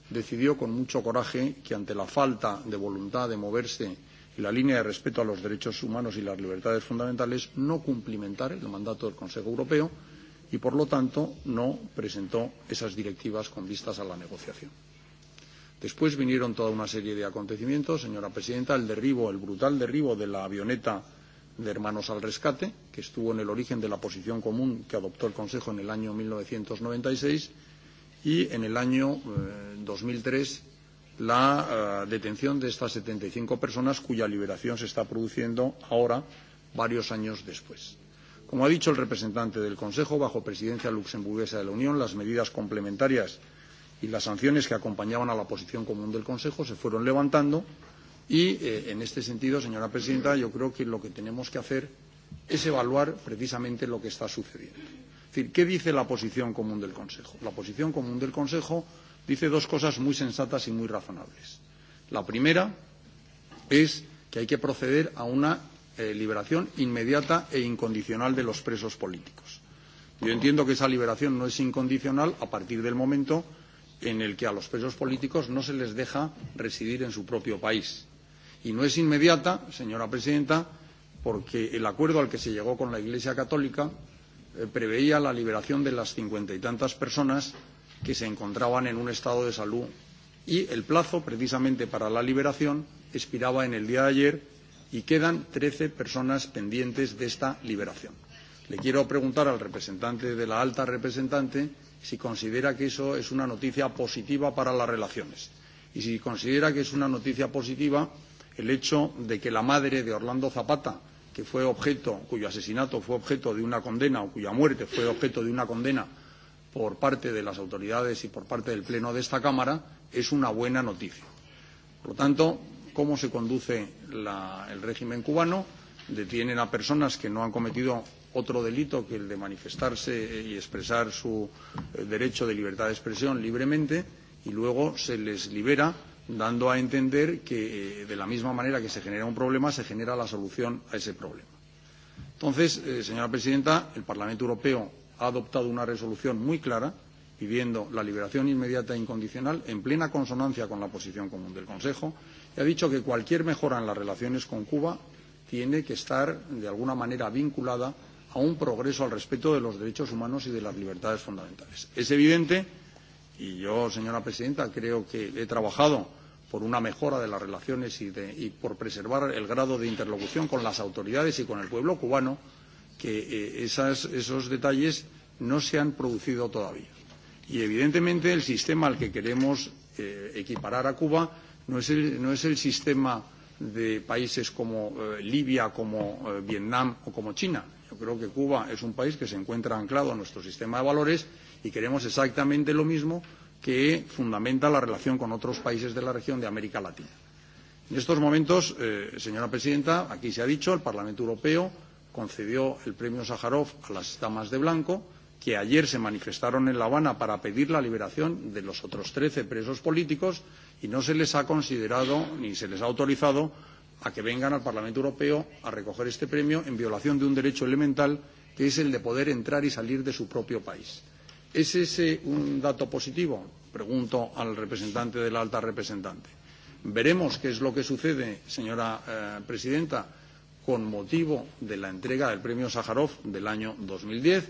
decidió con mucho coraje que ante la falta de voluntad de moverse y la línea de respeto a los derechos humanos y las libertades fundamentales no cumplimentar el mandato del Consejo Europeo y, por lo tanto, no presentó esas directivas con vistas a la negociación. Después vinieron toda una serie de acontecimientos, señora presidenta, el derribo, el brutal derribo de la avioneta de Hermanos al Rescate, que estuvo en el origen de la posición común que adoptó el Consejo en el año 1996 y en el año eh, 2003 la eh, detención de estas 75 personas cuya liberación se está produciendo ahora, varios años después. Como ha dicho el representante del Consejo, bajo presidencia luxemburguesa de la Unión, las medidas complementarias y las sanciones que acompañaban a la posición común del Consejo se fueron levantando y, eh, en este sentido, señora presidenta, yo creo que lo que tenemos que hacer es evaluar precisamente lo que está sucediendo decir, ¿qué dice la posición común del Consejo? La posición común del Consejo dice dos cosas muy sensatas y muy razonables. La primera es que hay que proceder a una eh, liberación inmediata e incondicional de los presos políticos. Yo entiendo que esa liberación no es incondicional a partir del momento en el que a los presos políticos no se les deja residir en su propio país. Y no es inmediata, señora presidenta, porque el acuerdo al que se llegó con la Iglesia Católica Eh, preveía la liberación de las cincuenta y tantas personas que se encontraban en un estado de salud y el plazo precisamente para la liberación expiraba en el día de ayer y quedan trece personas pendientes de esta liberación. Le quiero preguntar al representante de la alta representante si considera que eso es una noticia positiva para las relaciones y si considera que es una noticia positiva el hecho de que la madre de Orlando Zapata, que fue objeto, cuyo asesinato fue objeto de una condena o cuya muerte fue objeto de una condena por parte de las autoridades y por parte del Pleno de esta Cámara, es una buena noticia. Por lo tanto, cómo se conduce la, el régimen cubano, detienen a personas que no han cometido otro delito que el de manifestarse y expresar su eh, derecho de libertad de expresión libremente y luego se les libera dando a entender que eh, de la misma manera que se genera un problema, se genera la solución a ese problema. Entonces, eh, señora presidenta, el Parlamento Europeo ha adoptado una resolución muy clara pidiendo la liberación inmediata e incondicional en plena consonancia con la posición común del Consejo y ha dicho que cualquier mejora en las relaciones con Cuba tiene que estar de alguna manera vinculada a un progreso al respeto de los derechos humanos y de las libertades fundamentales. Es evidente Y yo, señora presidenta, creo que he trabajado por una mejora de las relaciones y, de, y por preservar el grado de interlocución con las autoridades y con el pueblo cubano, que eh, esas, esos detalles no se han producido todavía. Y evidentemente el sistema al que queremos eh, equiparar a Cuba no es el, no es el sistema de países como eh, Libia, como eh, Vietnam o como China. Yo creo que Cuba es un país que se encuentra anclado a nuestro sistema de valores y queremos exactamente lo mismo que fundamenta la relación con otros países de la región de América Latina. En estos momentos, eh, señora presidenta, aquí se ha dicho, el Parlamento Europeo concedió el premio Sájarov a las damas de blanco, que ayer se manifestaron en La Habana para pedir la liberación de los otros 13 presos políticos y no se les ha considerado ni se les ha autorizado a que vengan al Parlamento Europeo a recoger este premio en violación de un derecho elemental que es el de poder entrar y salir de su propio país. ¿Es ese un dato positivo? Pregunto al representante de la alta representante. Veremos qué es lo que sucede, señora eh, presidenta, con motivo de la entrega del premio Sájarov del año 2010,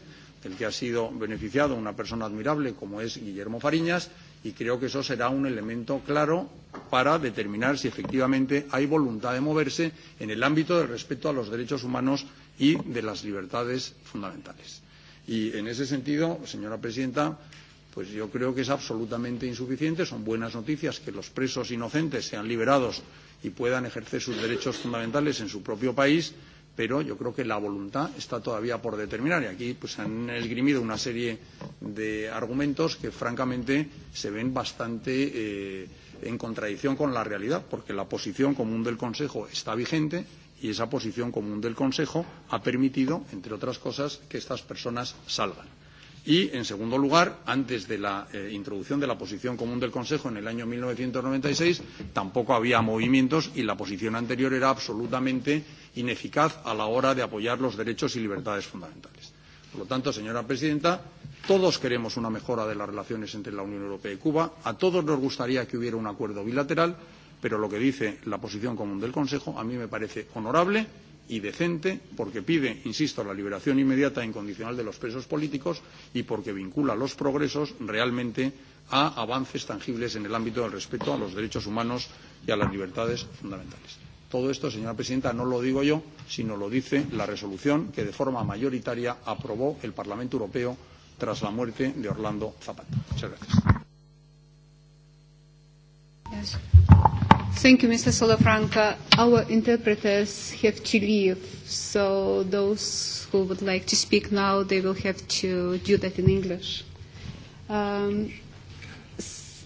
del que ha sido beneficiado una persona admirable como es Guillermo Fariñas, y creo que eso será un elemento claro para determinar si efectivamente hay voluntad de moverse en el ámbito del respeto a los derechos humanos y de las libertades fundamentales. Y en ese sentido, señora presidenta, pues yo creo que es absolutamente insuficiente. Son buenas noticias que los presos inocentes sean liberados y puedan ejercer sus derechos fundamentales en su propio país, pero yo creo que la voluntad está todavía por determinar. Y aquí pues, han esgrimido una serie de argumentos que, francamente, se ven bastante eh, en contradicción con la realidad, porque la posición común del Consejo está vigente y esa posición común del Consejo ha permitido, entre otras cosas, que estas personas salgan. Y, en segundo lugar, antes de la eh, introducción de la posición común del Consejo en el año 1996, tampoco había movimientos y la posición anterior era absolutamente ineficaz a la hora de apoyar los derechos y libertades fundamentales. Por lo tanto, señora presidenta, todos queremos una mejora de las relaciones entre la Unión Europea y Cuba, a todos nos gustaría que hubiera un acuerdo bilateral, pero lo que dice la posición común del Consejo a mí me parece honorable y decente porque pide, insisto, la liberación inmediata e incondicional de los presos políticos y porque vincula los progresos realmente a avances tangibles en el ámbito del respeto a los derechos humanos y a las libertades fundamentales. Todo esto, señora presidenta, no lo digo yo, sino lo dice la resolución que de forma mayoritaria aprobó el Parlamento Europeo tras la muerte de Orlando Zapata. Muchas gracias. Yes. Thank you, Mr. Solafranca. Our interpreters have to leave, so those who would like to speak now, they will have to do that in English. Um,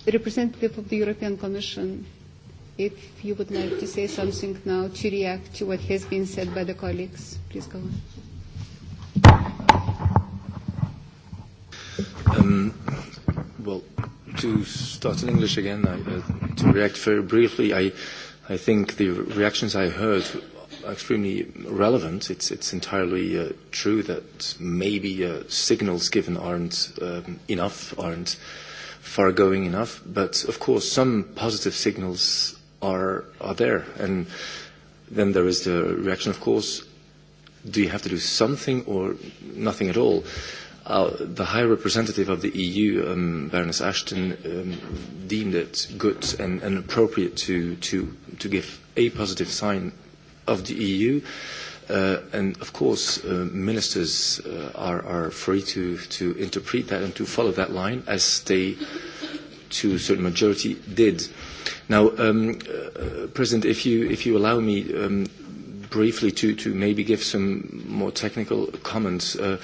representative of the European Commission, if you would like to say something now to react to what has been said by the colleagues, please go on. Um, well, to start in English again, I, uh, to react very briefly, I, I think the reactions I heard are extremely relevant. It's, it's entirely uh, true that maybe uh, signals given aren't um, enough, aren't far going enough, but of course some positive signals are, are there. And then there is the reaction, of course, do you have to do something or nothing at all? Uh, the High Representative of the EU, um, Baroness Ashton, um, deemed it good and, and appropriate to, to, to give a positive sign of the EU. Uh, and of course, uh, ministers uh, are, are free to, to interpret that and to follow that line as they, to a certain majority, did. Now, um, uh, President, if you, if you allow me, um, briefly to, to maybe give some more technical comments. Uh,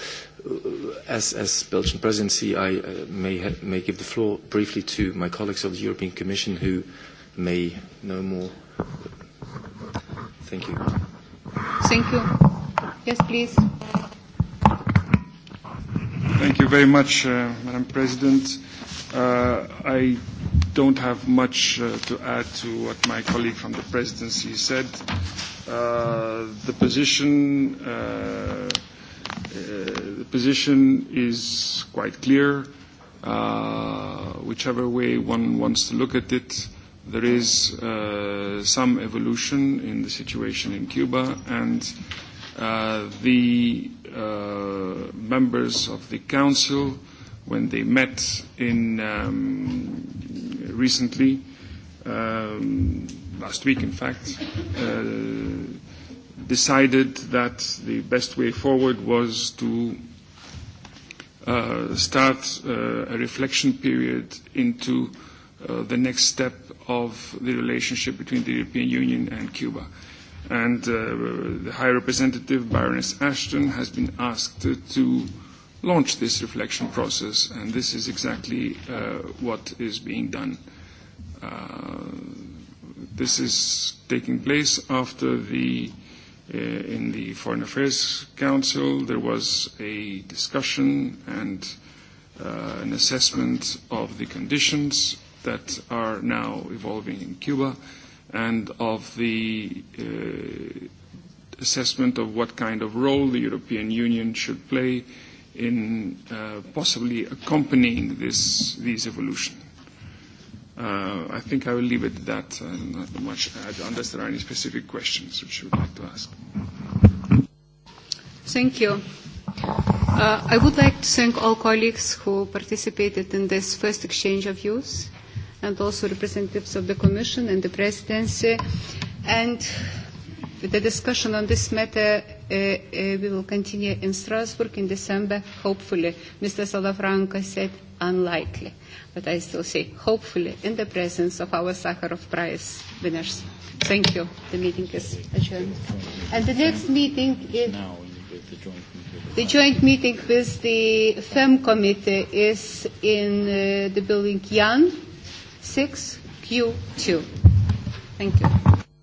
as, as Belgian presidency, I uh, may, ha- may give the floor briefly to my colleagues of the European Commission who may know more. Thank you. Thank you. Yes, please. Thank you very much, uh, Madam President. Uh, I don't have much uh, to add to what my colleague from the presidency said. Uh, the position uh, uh the position is quite clear. Uh, whichever way one wants to look at it, there is uh, some evolution in the situation in Cuba, and the members of the council, when they met in um, recently, um, last week in fact, uh, decided that the best way forward was to uh, start uh, a reflection period into uh, the next step of the relationship between the European Union and Cuba. And uh, the High Representative, Baroness Ashton, has been asked to launch this reflection process, and this is exactly uh, what is being done. Uh, this is taking place after the uh, in the Foreign Affairs Council there was a discussion and uh, an assessment of the conditions that are now evolving in Cuba and of the uh, assessment of what kind of role the European Union should play uh, in uh, possibly accompanying this, these evolution. Uh, I think I will leave it at that, uh, not much add, unless there are any specific questions which you would like to ask. Thank you. Uh, I would like to thank all colleagues who participated in this first exchange of views and also representatives of the Commission and the Presidency. And The discussion on this matter uh, uh, we will continue in Strasbourg in December, hopefully. Mr. Salafranca said unlikely, but I still say hopefully in the presence of our Sakharov Prize winners. Thank you. The meeting is adjourned. And the next meeting is. the joint meeting. The joint meeting with the FEM committee is in uh, the building Yan 6Q2. Thank you.